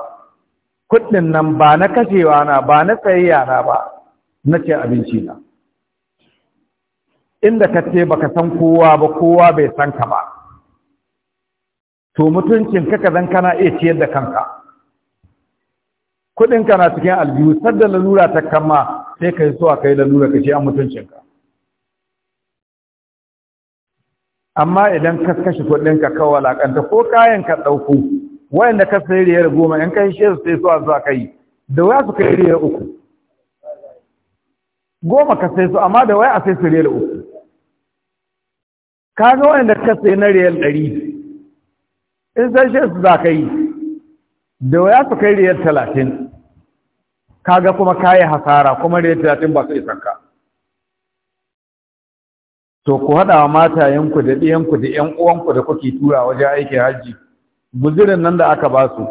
kuɗin nan ba na kashewa na ba na tsayayya na ba na ce abinci na inda ka ce baka san kowa ba kowa bai san ka ba to mutuncin ka zan kana iya ciyar da kanka kudin kana na cikin albiyu, sadda lalura ta kama sai ka yi so a kai lalura ka ce an mutuncin ka amma idan ka kashe kudin ka kawo lakanta ko kayan ka dauko wayanda ka sayi riyar goma in yi shi sai so a zuwa yi, da waya su kai riyar uku goma ka sai su amma da waya a sai su riyar uku ka ga wayanda ka sayi na riyar ɗari in sai shi su za ka yi da waya su kai riyar talatin kaga kuma kayi hasara kuma riyar talatin ba su isanka to ku haɗa wa matayenku da ɗiyanku da ‘yan uwanku da kuke tura wajen aikin hajji guzirin nan da aka ba su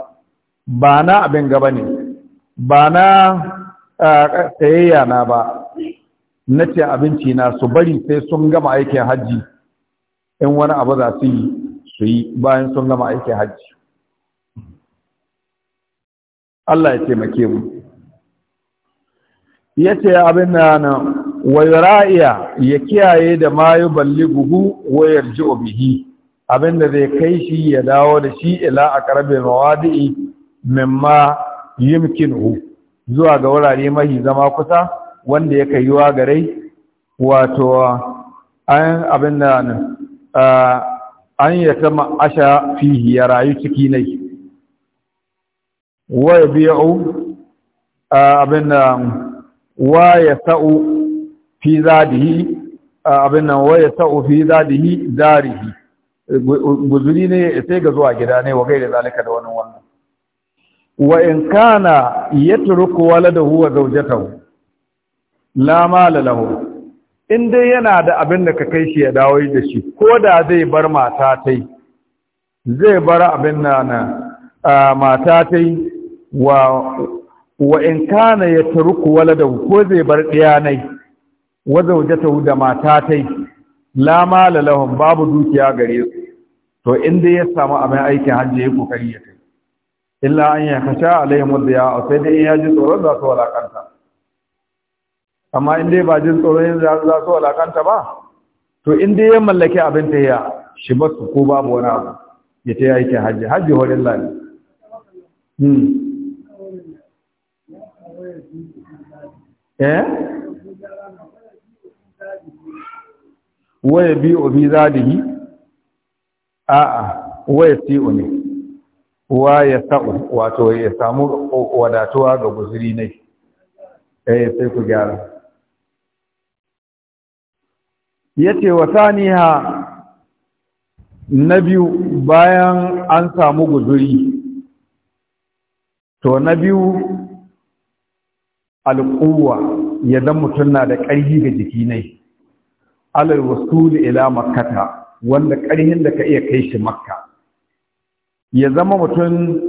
ba na abin gaba ne ba na tsayayya na ba na ce abinci na su bari sai sun gama aikin hajji in wani abu za su yi su yi bayan sun gama aikin hajji Allah ya taimake mu Ya ce abin da nan wayra'iya ya kiyaye da mayu wayar ji obihi, bihi da zai kai shi ya dawo da shi ila ƙarfe mawadi'i mimma yumkinuhu zuwa ga wurare mahi zama kusa wanda ya yiwa gare wato an abin da yana an ya kama asha fihi ya rayu ciki ne. wa ya bi'u abin wa ya sa'u fi zadihi abin nan wa ya sa'u fi zadihi zarihi guzuri ne sai ga zuwa gida ne wa da zalika da wani wannan wa in kana yatruku waladahu wa zawjatahu la mala lahu in dai yana da abin da ka kai shi ya dawo da shi ko da zai bar mata tai zai bar abin na na mata tai wa wa in kana ya taruku waladan ko zai bar ɗiyanai wa zaujatahu da mata tai la mala lahum babu dukiya gare su to in dai ya samu abin aikin hajji ya kokari ya kai illa an ya kasha alaihim wadda ya sai dai ya ji tsoron za su walakanta amma in dai ba jin tsoron yin za su alakanta ba to in dai ya mallake abin ta ya shi ba su ko babu wani abu ya ta yi ke hajji hajji horin lani hmm. eh waya bi obi zadihi a'a waya O ne wa ya sa'u wato ya samu wadatuwa ga guzuri ne eh sai ku gyara yace wa saniha na biyu bayan an samu guzuri to na biyu alƙuwa ya zan mutum na da ƙarfi ga jiki ne alal wasul ila makkata wanda ƙarhin da ka iya kai shi makka ya zama mutum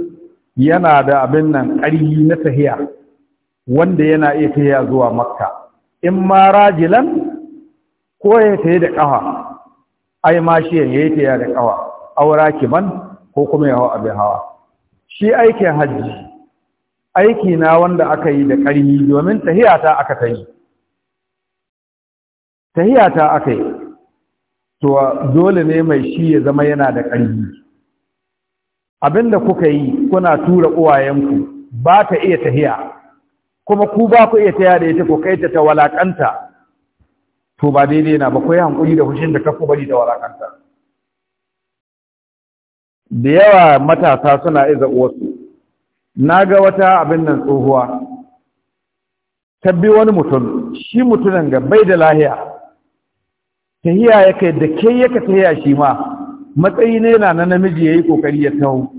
yana da abin nan ƙarfi na tahiya wanda yana iya tahiya zuwa makka in ma rajilan ko ya taye da ƙafa ai ma shi ya yi da ƙafa aura kiman ko kuma ya abin hawa shi aikin hajji aiki na wanda aka yi da ƙarfi domin tahiyata aka ta yi tahiyata aka yi to dole ne mai shi ya zama yana da ƙarfi abinda kuka yi kuna tura uwayenku ba ta iya tahiya kuma ku ba ku iya tahiya da ita ku kai ta ta walakanta to ba daidai na ba kai hankuri da fushin da kafo bari da warakanta da yawa matasa suna iza uwarsu na wata abin nan tsohuwa tabbi wani mutum shi mutunan ga bai da lahiya tahiya ya kai da ke yaka tahiya shi ma matsayi ne na na namiji yayi kokari ya taho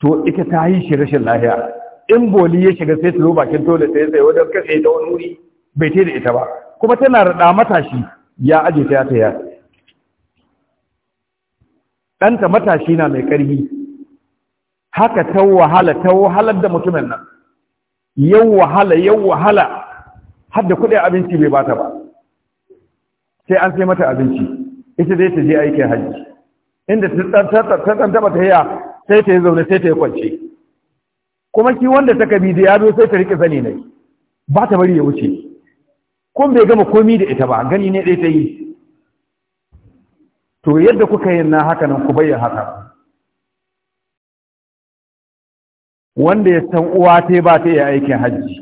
to ita ta yi shi rashin lahiya in boli ya shiga sai ta zo bakin tole sai sai wadda kashe ta wani wuri bai ce da ita ba kuma tana raɗa matashi ya aje ta ya yata ɗanta matashi na mai ƙarfi haka ta wahala ta wahalar da mutumin nan yau wahala yau wahala Hadda kuɗe kuɗin abinci bai bata ba sai an sai mata abinci ita zai ta je aikin hajji inda ta tsantaba ta yaya sai ta yi zaune sai ta yi kwance kuma ki wanda ta kabi da ya zo sai ta riƙe zane ne ba ta bari ya wuce kun bai gama komi da ita ba gani ne ɗaya ta yi to yadda kuka yi na haka nan ku bayyana haka wanda ya san uwa ta ba ta yi aikin hajji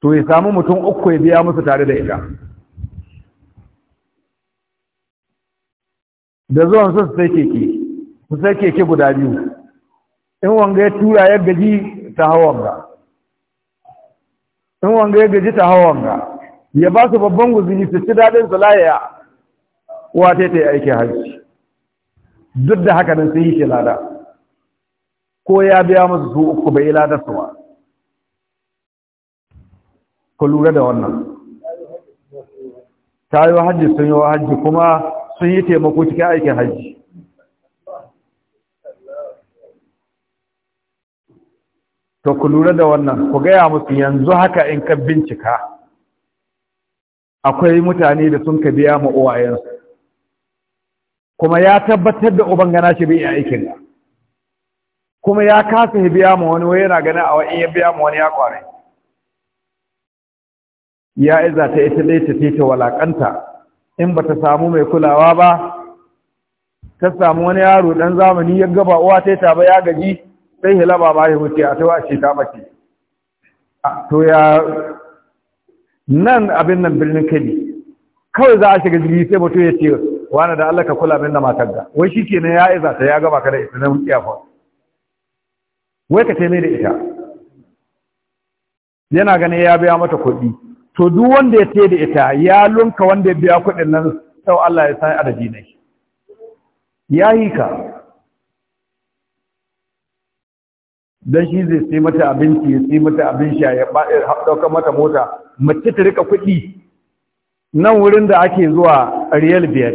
to ya samu mutum uku ya biya musu tare da ita da zuwan su sai keke su sai keke guda biyu in wanga ya tura ya gaji ta hawan ga in wanga ya gaji ta hawa wanga ya ba su babban guzuri su ci daɗin su layaya wata ta yi aikin hajji duk da haka nan sun yi shi lada ko ya biya musu su uku bai lada su ba ku lura da wannan ta yi hajji sun yi hajji kuma sun yi taimako cikin aikin hajji to ku lura da wannan ku gaya musu yanzu haka in ka bincika akwai mutane da sun ka biya ma kuma ya tabbatar da uban gana shi biya aikin kuma ya kasa ya biya ma wani wani yana a wani ya biya ma wani ya kware ya iza ta ita dai ta ta walakanta in ba ta samu mai kulawa ba ta samu wani yaro dan zamani ya gaba uwa ta ta ba ya gaji sai laba ba ya wuce a tawa shi ta bace to ya nan abin nan birnin kabi kawai za a shiga jirgi sai mutum ya ce wani da Allah ka kula min da matar da wai shi kenan ya iza ta ya gaba ka da ita na mutiya fa wai ka taimai da ita yana ganin ya biya mata kuɗi to duk wanda ya taimai da ita ya lunka wanda ya biya kuɗin nan sau Allah ya san adadi na shi. ya yi ka don shi zai sai mata abinci ya sai mata abin sha ya ɗaukar mata mota mace ta rika kuɗi nan wurin da ake zuwa riyal biyar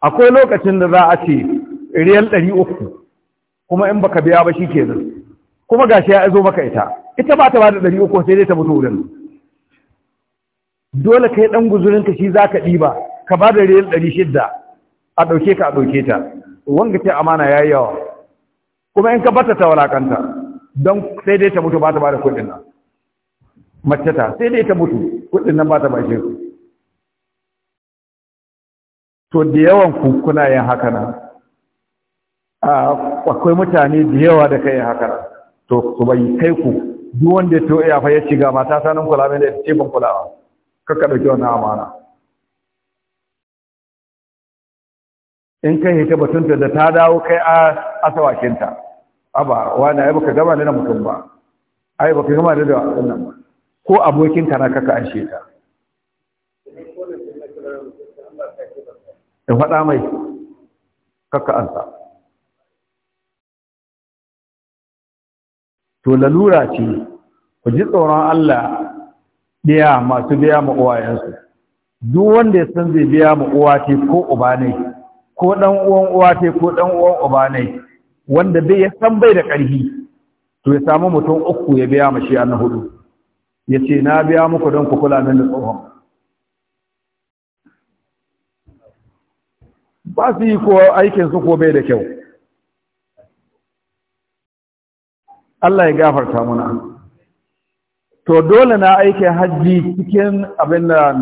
akwai lokacin da za a ce riyal ɗari uku kuma in baka biya ba shi ke nan kuma gashi ya zo maka ita ita ba ta ba da ɗari uku sai dai ta mutu wurin dole kai ɗan guzurinka shi za ka ɗiba ka ba da riyal ɗari shidda a ɗauke ka a ɗauke ta wanga ce amana ya yi yawa kuma in ka bata ta walakanta don sai dai ta mutu ba ta ba da kuɗin nan mace ta sai dai ta mutu kuɗin nan ba ta bashe ku to da yawan ku kuna yin haka nan akwai mutane da yawa da kai haka nan to ku bai kai ku duk wanda to ya fa ya ga mata sanin kula mai da ce ban kulawa kakka dauki wannan amana in kai ta batunta da ta dawo kai a asawakinta aba wani ai baka gama da mutum ba ai baka gama da wannan ba ko abokin ka na kaka an sheka in faɗa mai kaka an sa to lalura ce ku ji tsoron Allah biya masu biya ma uwayensu duk wanda ya san zai biya ma uwa ce ko uba ne ko dan uwan uwa ce ko dan uwan uba ne wanda bai ya san bai da ƙarfi to ya samu mutum uku ya biya mashi na hudu ya ce na biya muku don ku kula min da tsohon ba su yi ko aikinsu ko bai da kyau Allah ya gafarta muna to dole na aikin hajji cikin abin da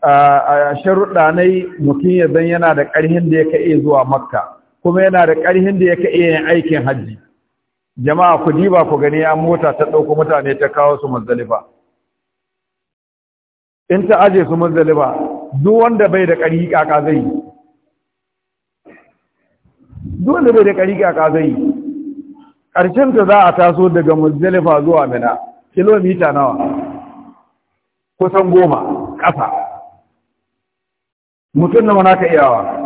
a sharuɗa na mutum ya zan yana da ƙarhin da ya ka'e zuwa makka kuma yana da ƙarhin da yake iya yin aikin hajji jama'a ku diba ku gani an mota ta ɗauko mutane ta kawo su muzdalifa in ta aje su muzdalifa duk wanda bai da ƙarhi kaka zai duk wanda bai da ƙarhi kaka zai ƙarshen ta za a taso daga muzdalifa zuwa mina kilomita nawa kusan goma ƙasa mutum na mana ka iyawa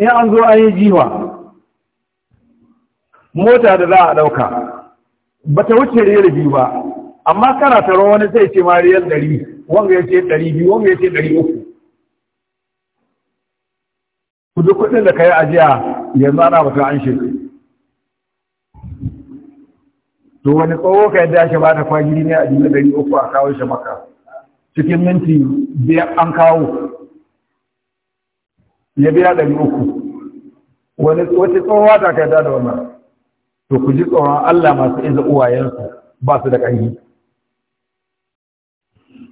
in an zo an yi jiwa mota da za a ɗauka ba ta wuce riyar biyu ba amma kana taron wani zai ce ma riyar ɗari wanga ya ce ɗari biyu wanga ya ce ɗari uku kudu kuɗin da ka yi ajiya yanzu ana baka an shi to wani tsawo ka yadda shi ba ta kwagiri ne a jini ɗari uku a kawo shi maka cikin minti biyar an kawo ya biya ɗari uku wani wace tsohuwa ta kai da wannan to ku ji tsohon Allah masu iza uwayensu ba su da ƙarfi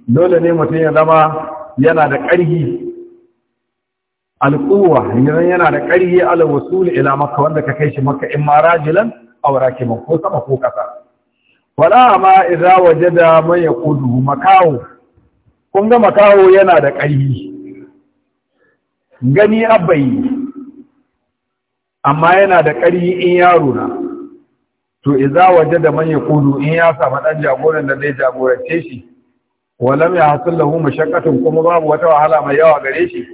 dole ne mutum ya zama yana da ƙarfi alƙuwa yanzu yana da ƙarfi ala wasul ila makka wanda ka kai shi makka in ma rajilan aw rakiman ko sama ko ƙasa wala ma idza wajada man yaqudu makawo kun ga makawo yana da ƙarfi gani abai amma yana da ƙari in yaro na to waje da manya kudu in ya samu ɗan jagoran da zai jagorance shi walam hasu lahu mashaqqatun kuma babu wata wahala mai yawa gare shi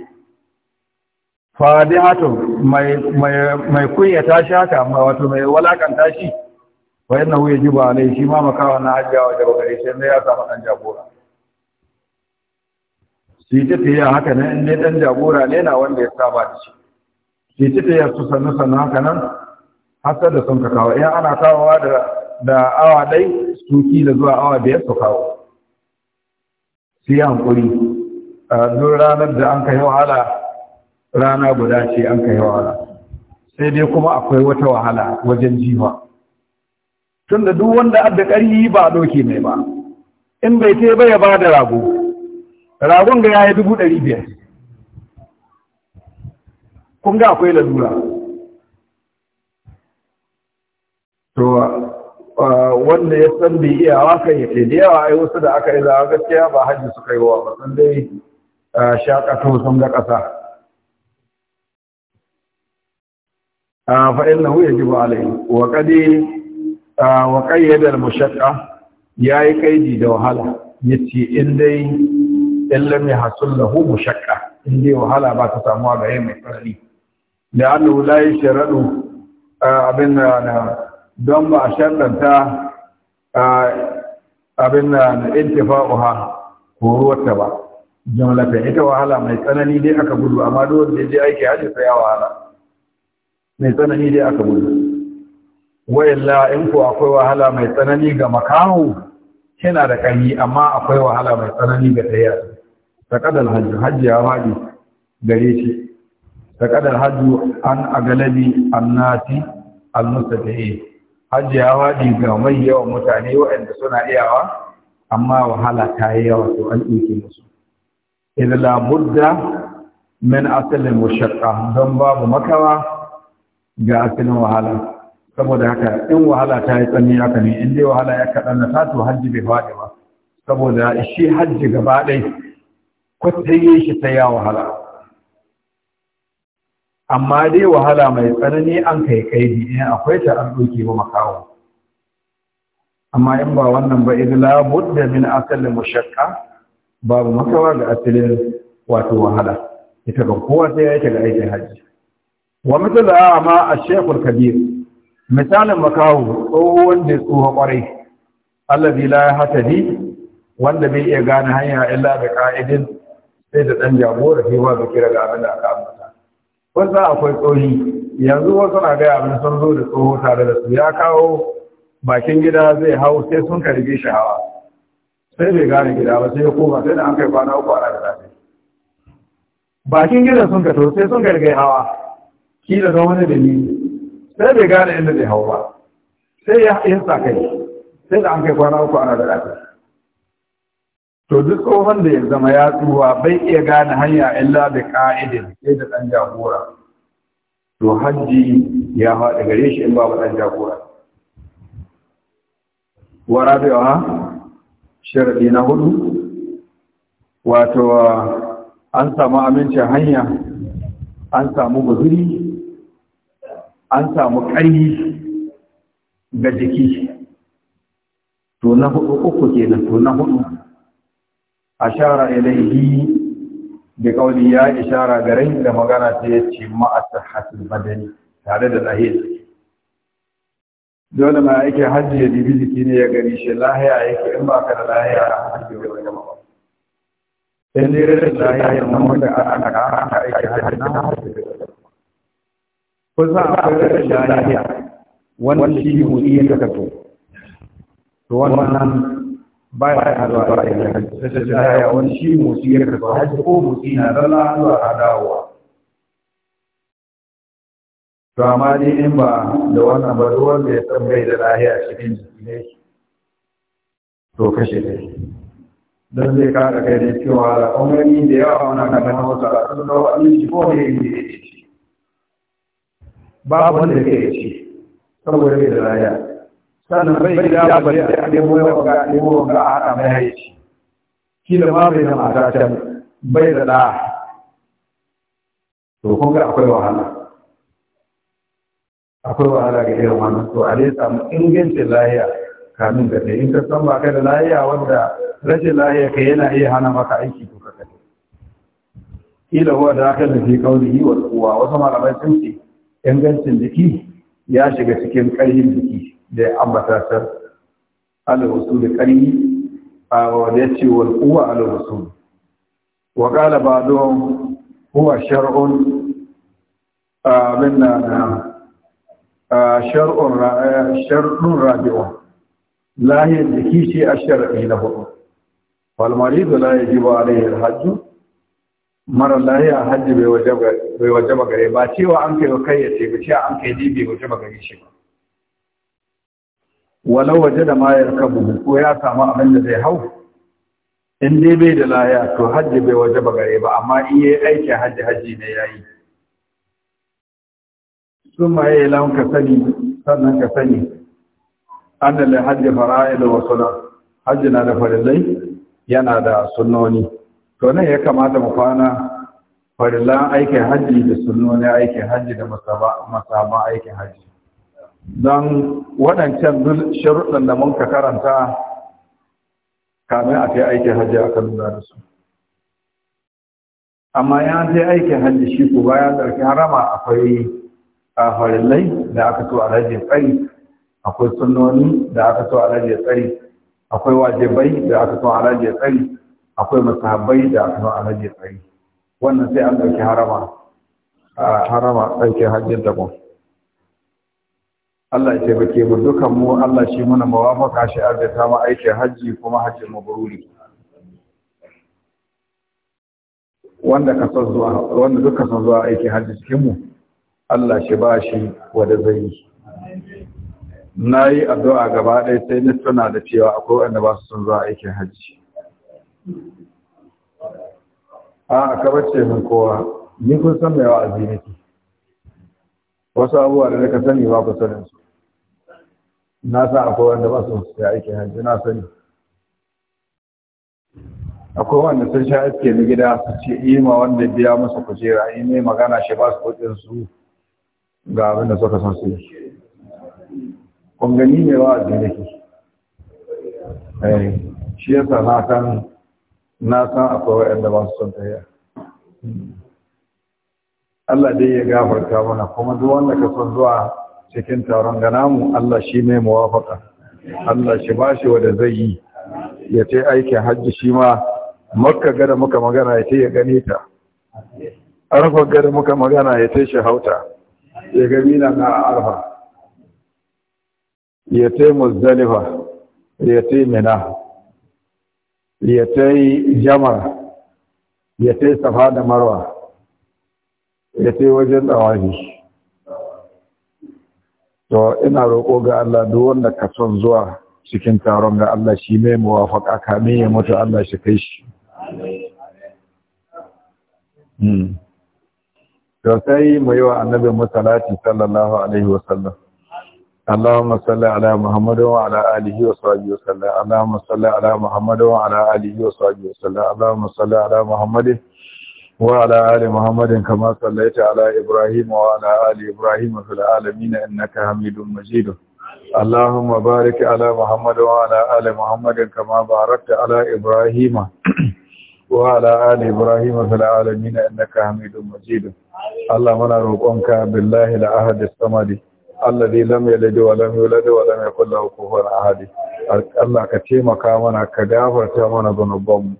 fadihatu mai mai mai kunyata shi haka wato mai walakanta shi wa innahu yajibu alayhi ma makawa na hajjawa da gare shi ne ya samu ɗan jagora su yi tafiya haka nan in dai dan jagora ne na wanda ya saba da shi su yi tafiya su sannu sannu haka nan hasar da sun ka kawo in ana kawowa da da awa ɗai su da zuwa awa biyar su kawo su yi hankuri duk ranar da an kai wahala rana guda ce an kai wahala sai dai kuma akwai wata wahala wajen jiwa tunda duk wanda abda ƙari ba doke mai ba in bai ce ba ya ba da rago ragon ga ya yi dubu ɗari biyar kun ga akwai lalura to wanda ya san bai iya waka ya ce da yawa ai wasu da aka yi zawa gaskiya ba hajji suka yi wa basan dai shaƙato sun ga ƙasa fa'in na huye jibu alai wa ƙadi wa ƙayyadar ya yi kaidi da wahala ya ce in dai illam yahsul lahu mushaqqa in dai wahala ba ta samuwa ga mai tsari da annahu la yashradu abin na don ba a shaddanta abin na intifa'uha horuwarta ba jimlatan ita wahala mai tsanani dai aka gudu amma duk wanda je aiki hajji sai ya wahala mai tsanani dai aka gudu wayalla in ko akwai wahala mai tsanani ga makamu yana da ƙarfi amma akwai wahala mai tsanani ga tayar taqadal hajji hajji ya fadi gare shi taqadal hajju an agalabi annati almustati'i hajji ya fadi ga mai yawan mutane waɗanda suna iyawa amma wahala ta yi yawa to an ɗauke musu idan budda min asalin mushaqqa don babu makawa ga asalin wahala saboda haka in wahala ta yi tsanni haka ne in dai wahala ya kaɗan na to hajji bai faɗi ba saboda shi hajji gaba ɗaya. taye shi ta ya wahala amma dai wahala mai tsanani an kai kaidi in eh, akwai ta an ɗauke ba makawo amma in ba wannan ba idan budda min asalin mushakka babu makawa ga asalin wato wahala ita ga kowa sai ya yi ga aikin haji wa misali a ma a shekul kabir misalin makawo tsoho wanda ya tsoho kwarai bi la ya wanda bai iya gane hanya illa da ka'idin sai da ɗan jagora sai ba su kira ga abin da aka ambata wanda akwai tsohi. yanzu wasu na gaya abin sun zo da tsoho tare da su ya kawo bakin gida zai hau sai sun karbe shi hawa sai bai gane gida ba sai ya koma sai da an kai kwana uku ana da zafi bakin gida sun kato sai sun karbe hawa kila zama wani ni, sai bai gane inda zai hau ba sai ya sa kai sai da an kai kwana uku ana da zafi to duk tsohon da ya zama ya tsuwa bai iya gane hanya illa da ka'idin sai da ɗan jagora to hajji ya faɗi gare shi in ba ɗan jagora wa rabi'a sharadi na hudu wato an samu amincin hanya an samu guzuri an samu ƙarfi ga jiki to na hudu uku kenan to na hudu ashara ilaihi bi qawli ya ishara garai da magana ta yace ma as-sahhatul badani tare da lahiya dole ma yake hajji ya dibi jiki ne ya gani shi lahiya yake in ba ka da lahiya a hajji wa jama ba sai ne rashin lahiya ya nan wanda aka kara aka aiki hajji na hajji kusa akwai rashin lahiya wanda shi hudi ya kato to wannan baya haɗuwa da aikin hajji ta ce ta wani shi motsi ya karɓa hajji ko motsi na zalla zuwa hadawa to amma dai in ba da wannan ba duk wanda ya san bai da lahiya cikin jiki ne to kashe ne don zai kara kai da cewa al'amari da yawa wani kan nan wasu al'adun da wani shi ko ne inda ya ce babu wanda ke ci, saboda bai da lahiya sannan bai gida ba bari a nemo yawa nemo wanga a haɗa mai haici da ma bai da mata can bai da ɗa to kun ga akwai wahala akwai wahala ga irin wannan to a dai samu ingancin lahiya kamin ka in ka san ba kai da lahiya wanda rashin lahiya ka yana iya hana maka aiki to ka kai kila huwa da aka da fi kauli wa kuwa wasu malamai sun ce ingancin jiki ya shiga cikin ƙarfin jiki da ya ambata sar alwasu da ƙarni a wanda ya ce wal kuwa alwasu wa qala ba huwa shar'un abin na shar'un rabi'un lahiyar jiki ce a shar'i na hudu falmari da la yaji ba alayyar hajju mara lahiya hajji bai waje ba gare ba cewa an kai kai ya ce ba cewa an kai dibi wajaba gare shi ba walau waje da mayar kabu ko ya samu abin da zai hau in dai bai da laya to hajji bai waje ba gare ba amma in yi aiki hajji hajji ne ya yi sun ma yi lan ka sani sannan ka sani an da hajji fara'il wa suna hajji na da farillai yana da sunnoni to nan ya kamata mu kwana farillan aikin hajji da sunnoni aikin hajji da masaba aikin hajji don waɗancan sharuɗan da mun ka karanta kamin a kai aikin hajji a kan da su amma ya ta aikin hajji shi ku bayan ɗarki harama akwai farillai da aka so a rage tsari akwai sunoni da aka so a rage tsari akwai wajibai da aka so a rage tsari akwai masahabbai da aka so a rage tsari wannan sai an ɗauki harama a harama aikin hajjin kuma Allah ya taimake mu dukan mu Allah shi muna mawafaka shi arzika mu aikin hajji kuma hajjin mabruri wanda ka san zuwa wanda duka san zuwa aikin hajji cikin mu Allah shi ba shi wanda zai yi na yi addu'a gaba ɗaya sai na tuna da cewa akwai wanda ba su san zuwa aikin hajji a aka bace min kowa ni kun san mai wa'azi nake wasu abubuwa da naka sani ba ku sanin su na san akwai wanda ba su sai aikin hajji na sani akwai wanda sun sha iske na gida su ce yi ma wanda biya masa kujera yi mai magana shi ba su kudin su ga abin da suka san su yi kungani ne ba a eh, shi yasa na san na san akwai wa'anda ba su son tafiya Allah dai ya gafarta mana kuma duk wanda ka son zuwa cikin taron gana mu Allah shi ne muwafaka Allah shi ba shi wanda zai yi ya ce aikin hajji shi ma makka gada muka magana ya ce ya gane ta arfa gada muka magana ya ta shi hauta ya gami na na arfa ya ce muzdalifa ya ce mina ya ce Jamar, ya ce safa da marwa ya ce wajen tsawafi to ina roƙo ga Allah duk wanda ka son zuwa cikin taron ga Allah shi mai muwafaƙa kamin ya mutu Allah shi kai shi hmm. to sai mu yi wa annabi musalati sallallahu alaihi wasallam اللهم صل على محمد وعلى اله وصحبه وسلم اللهم صل على محمد وعلى اله وصحبه وسلم اللهم صل على محمد وعلى وعلى آل محمد كما صليت على إبراهيم وعلى آل إبراهيم في العالمين إنك حميد مجيد اللهم بارك على محمد وعلى آل محمد كما باركت على إبراهيم وعلى آل إبراهيم في العالمين إنك حميد مجيد اللهم نرقمك بالله الأحد الصمد الذي لم يلد ولم يولد ولم يكن له كفوا أحد الله كتيمك منا كغفرت منا ذنوبنا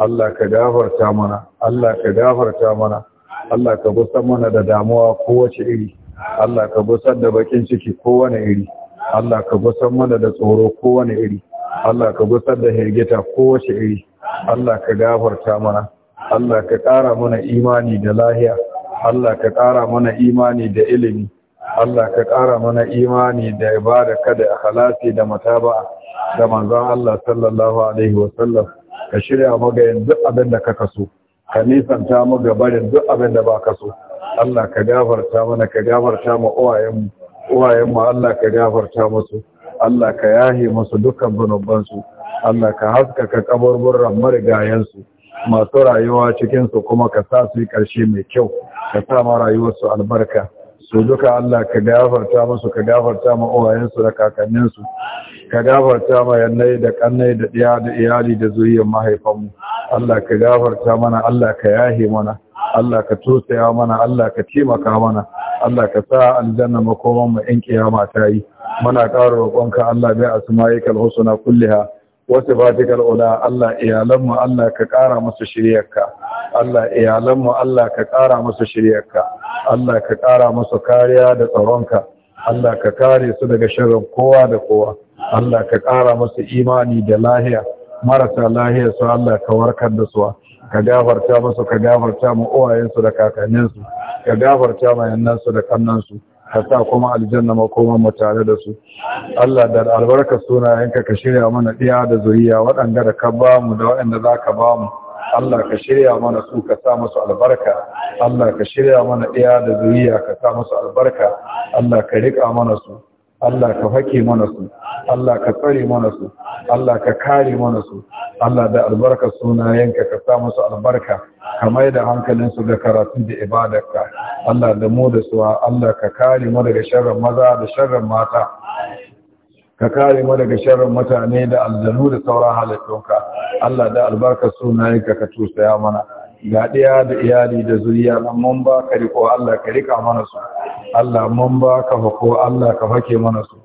Allah ka gafarta mana Allah ka gafarta mana Allah ka busar mana da damuwa kowace iri Allah ka busar da bakin ciki kowane iri Allah ka busar mana da tsoro kowane iri Allah ka busar da hirgita kowace iri Allah ka gafarta mana Allah ka kara mana imani da lahiya Allah ka ƙara mana imani da ilimi Allah ka ƙara mana imani da ibada kada ikhlasi da mataba'a da manzon Allah sallallahu alaihi wasallam ka shirya magayin duk abin da ka kaso ka nisanta maga barin duk abin da ba ka so Allah ka gafarta mana ka gafarta ma uwayenmu uwayenmu Allah ka gafarta musu Allah ka yahi musu dukkan zunubansu Allah ka haskaka kaburburan marigayensu masu rayuwa cikinsu kuma ka sa su yi ƙarshe mai kyau ka sa ma rayuwarsu albarka su duka Allah ka gafarta musu ka gafarta ma uwayensu da kakanninsu ka gafarta ma yannai da kannai da ɗaya da iyali da zuriyar mahaifanmu Allah ka gafarta mana Allah ka yahe mana Allah ka tosaya mana Allah ka taimaka mana Allah ka sa aljanna makoman mu in kiyama ta yi muna ƙara roƙonka Allah bai asma'ikal husna kulliha wasu fatikar ula Allah iyalanmu Allah ka ƙara musu shiryarka Allah iyalanmu Allah ka ƙara musu shiryarka Allah ka ƙara musu kariya da tsaronka Allah ka kare su daga shirin kowa da kowa Allah ka ƙara musu imani da lahiya marasa lahiya su Allah ka warkar da su ka gafarta musu ka gafarta mu uwayensu da kakanninsu ka gafarta mayannansu da kannansu ka sa kuma aljanna makoman mu tare da su Allah da albarka sunayenka ka shirya mana diya da zuriya waɗanda da ka ba mu da waɗanda za ka ba mu Allah ka shirya mana su ka sa musu albarka Allah ka shirya mana diya da zuriya ka sa musu albarka Allah ka riƙa mana su Allah ka fake mana su Allah ka tsare mana su Allah ka kare mana su Allah da albarka sunayenka ka sa musu albarka ka kamar da hankalinsu da karatu da ibadarka Allah da mu da suwa Allah ka kare mu daga sharrin maza da sharrin mata ka kare mu daga sharrin mutane da aljanu da sauran halittunka Allah da albarka sunayenka ka tusaya mana ga ɗaya da iyali da zuriya nan mun ba ka riko Allah ka rika mana su Allah mun ba ka hako Allah ka hake mana su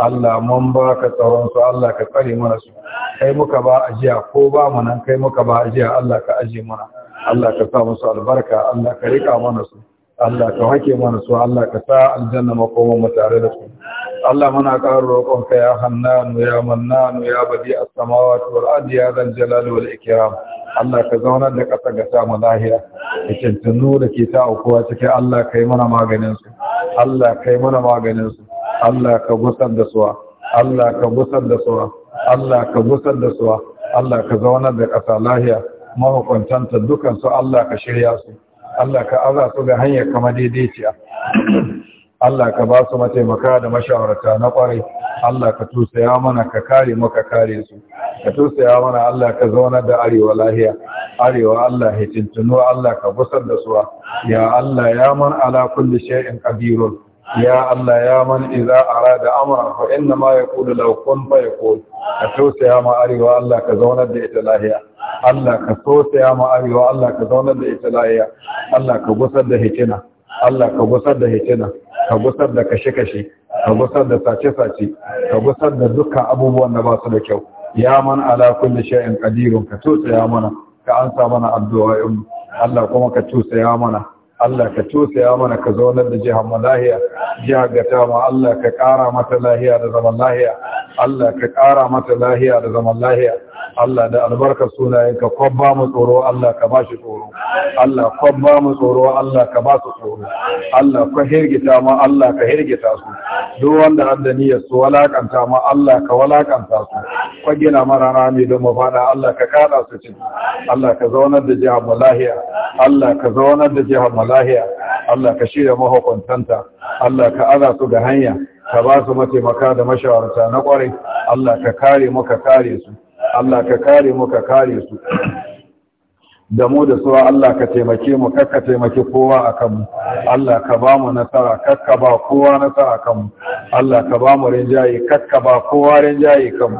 Allah mun ba ka tsaron su Allah ka tsare mana su kai muka ba ajiya ko ba mu nan kai muka ba ajiya Allah ka aje mana Allah ka sa musu albarka Allah ka rika mana su Allah ka hake mana su Allah ka sa aljanna makoma mu tare da su Allah muna ƙara roƙon ka ya Hannanu ya Mannanu ya Badi as-samawati wal ardi ya zal jalali wal ikram Allah ka zauna da ƙasa ga mu lahiya da tunu da ke ta aukuwa cikin Allah kai mana maganin su Allah kai mana maganin su Allah ka busar da suwa Allah ka busar da suwa Allah ka busar da suwa Allah ka zaunar da ƙasa lahiya mahukuntanta dukansu Allah ka shirya su Allah ka aza su ga hanyar kama daidaiciya Allah ka ba su mataimaka da mashawarta na kwarai Allah ka tusaya mana ka kare maka kare su ka tusaya mana Allah ka zauna da arewa lahiya arewa Allah ya Allah ka busar da suwa ya Allah ya man ala kulli shay'in qadirun يا الله يا من إذا أراد أمرا فإنما يقول لو كن فيقول أتوس يا ما أري والله كزونة بإتلاهية الله كسوس يا ما أري والله كزونة بإتلاهية الله كبسد هتنا الله كبسد هتنا كبسد كشكشي كبسد ساتشساتي كبسد دكا أبو ونباس لكو يا من على كل شيء قدير كسوس يا من كأنسى منا الدعاء الله كما كسوس يا منا Allah ka tosaya mana ka zaunar da jihar mu lahiya jihar gata ma Allah ka ƙara mata lahiya da zaman lahiya Allah ka ƙara mata lahiya da zaman lahiya Allah da albarkar sunayen ka kwabba mu tsoro Allah ka ba shi tsoro Allah kwabba mu tsoro Allah ka ba su tsoro Allah ka hirgita ma Allah ka hirgita su duk wanda addaniya su walakanta ma Allah ka walakanta su ka gina mara rami don mafada Allah ka kada su ciki Allah ka zaunar da jihar malahiya Allah ka zaunar da jihar malahiya Allah ka shirya mahukuntanta Allah ka aza su ga hanya ka ba su mataimaka da mashawarta na kwarai Allah ka kare mu ka kare su Allah ka kare mu ka kare su da mu da suwa Allah ka taimake mu kakka taimake kowa a kanmu Allah ka ba mu nasara kakka ba kowa nasara mu. Allah ka ba mu rinjaye kakka ba kowa rinjaye kan mu.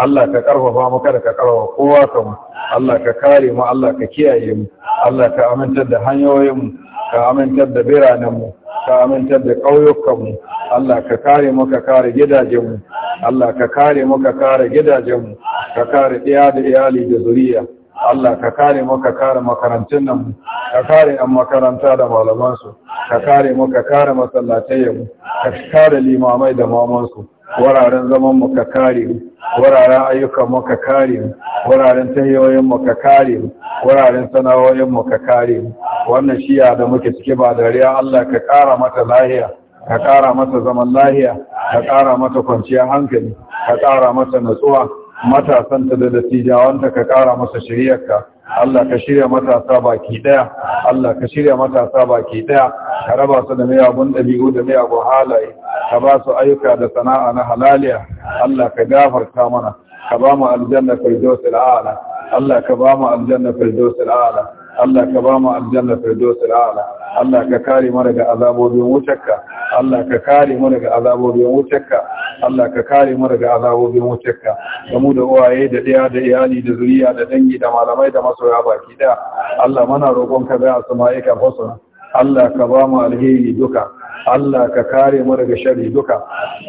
Allah ka karfafa mu kada ka karfafa kowa kan mu. Allah ka kare mu Allah ka kiyaye mu Allah ka amintar da hanyoyin mu ka amintar da biranen mu ka amintar da ƙauyukan mu Allah ka kare mu ka kare gidajen mu Allah ka kare mu ka kare gidajen mu ka kare iya da iyali da zuriya Allah ka kare mu ka kare makarantun nan ka kare an makaranta da malaman su ka kare mu ka kare masallatai mu ka kare limamai da mamansu, su wuraren zaman mu ka kare mu wuraren ayyukan mu ka kare mu wuraren tahiyoyin mu ka kare mu wuraren sana'o'in mu ka kare mu wannan shiya da muke cike ba dariya Allah ka kara mata lahiya ka kara mata zaman lahiya ka kara mata kwanciyar hankali ka kara mata natsuwa matasanta da dattijawanta ka ƙara masa shiryarka Allah ka shirya matasa baki ɗaya Allah ka shirya matasa baki ɗaya ka raba su da miyagun ɗabi'u da miyagun halaye ka ba su ayyuka da sana'a na halaliya Allah ka gafarta mana ka ba mu aljanna firdaus al'ala Allah ka ba mu aljanna firdaus al'ala Allah ka ba mu aljanna firdaus al'ala Allah ka kare mu daga azabobin wutarka Allah ka kare mu daga azabobin wutarka Allah ka kare mu daga azabobin wutarka da mu da uwaye da ɗaya da iyali da zuriya da dangi da malamai da masoya baki ɗaya Allah mana roƙon ka bai ma'aika husna Allah ka ba mu alheri duka Allah ka kare mu daga shari duka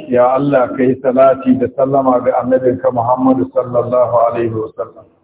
ya Allah ka yi salati da sallama ga annabinka Muhammadu sallallahu alaihi wasallam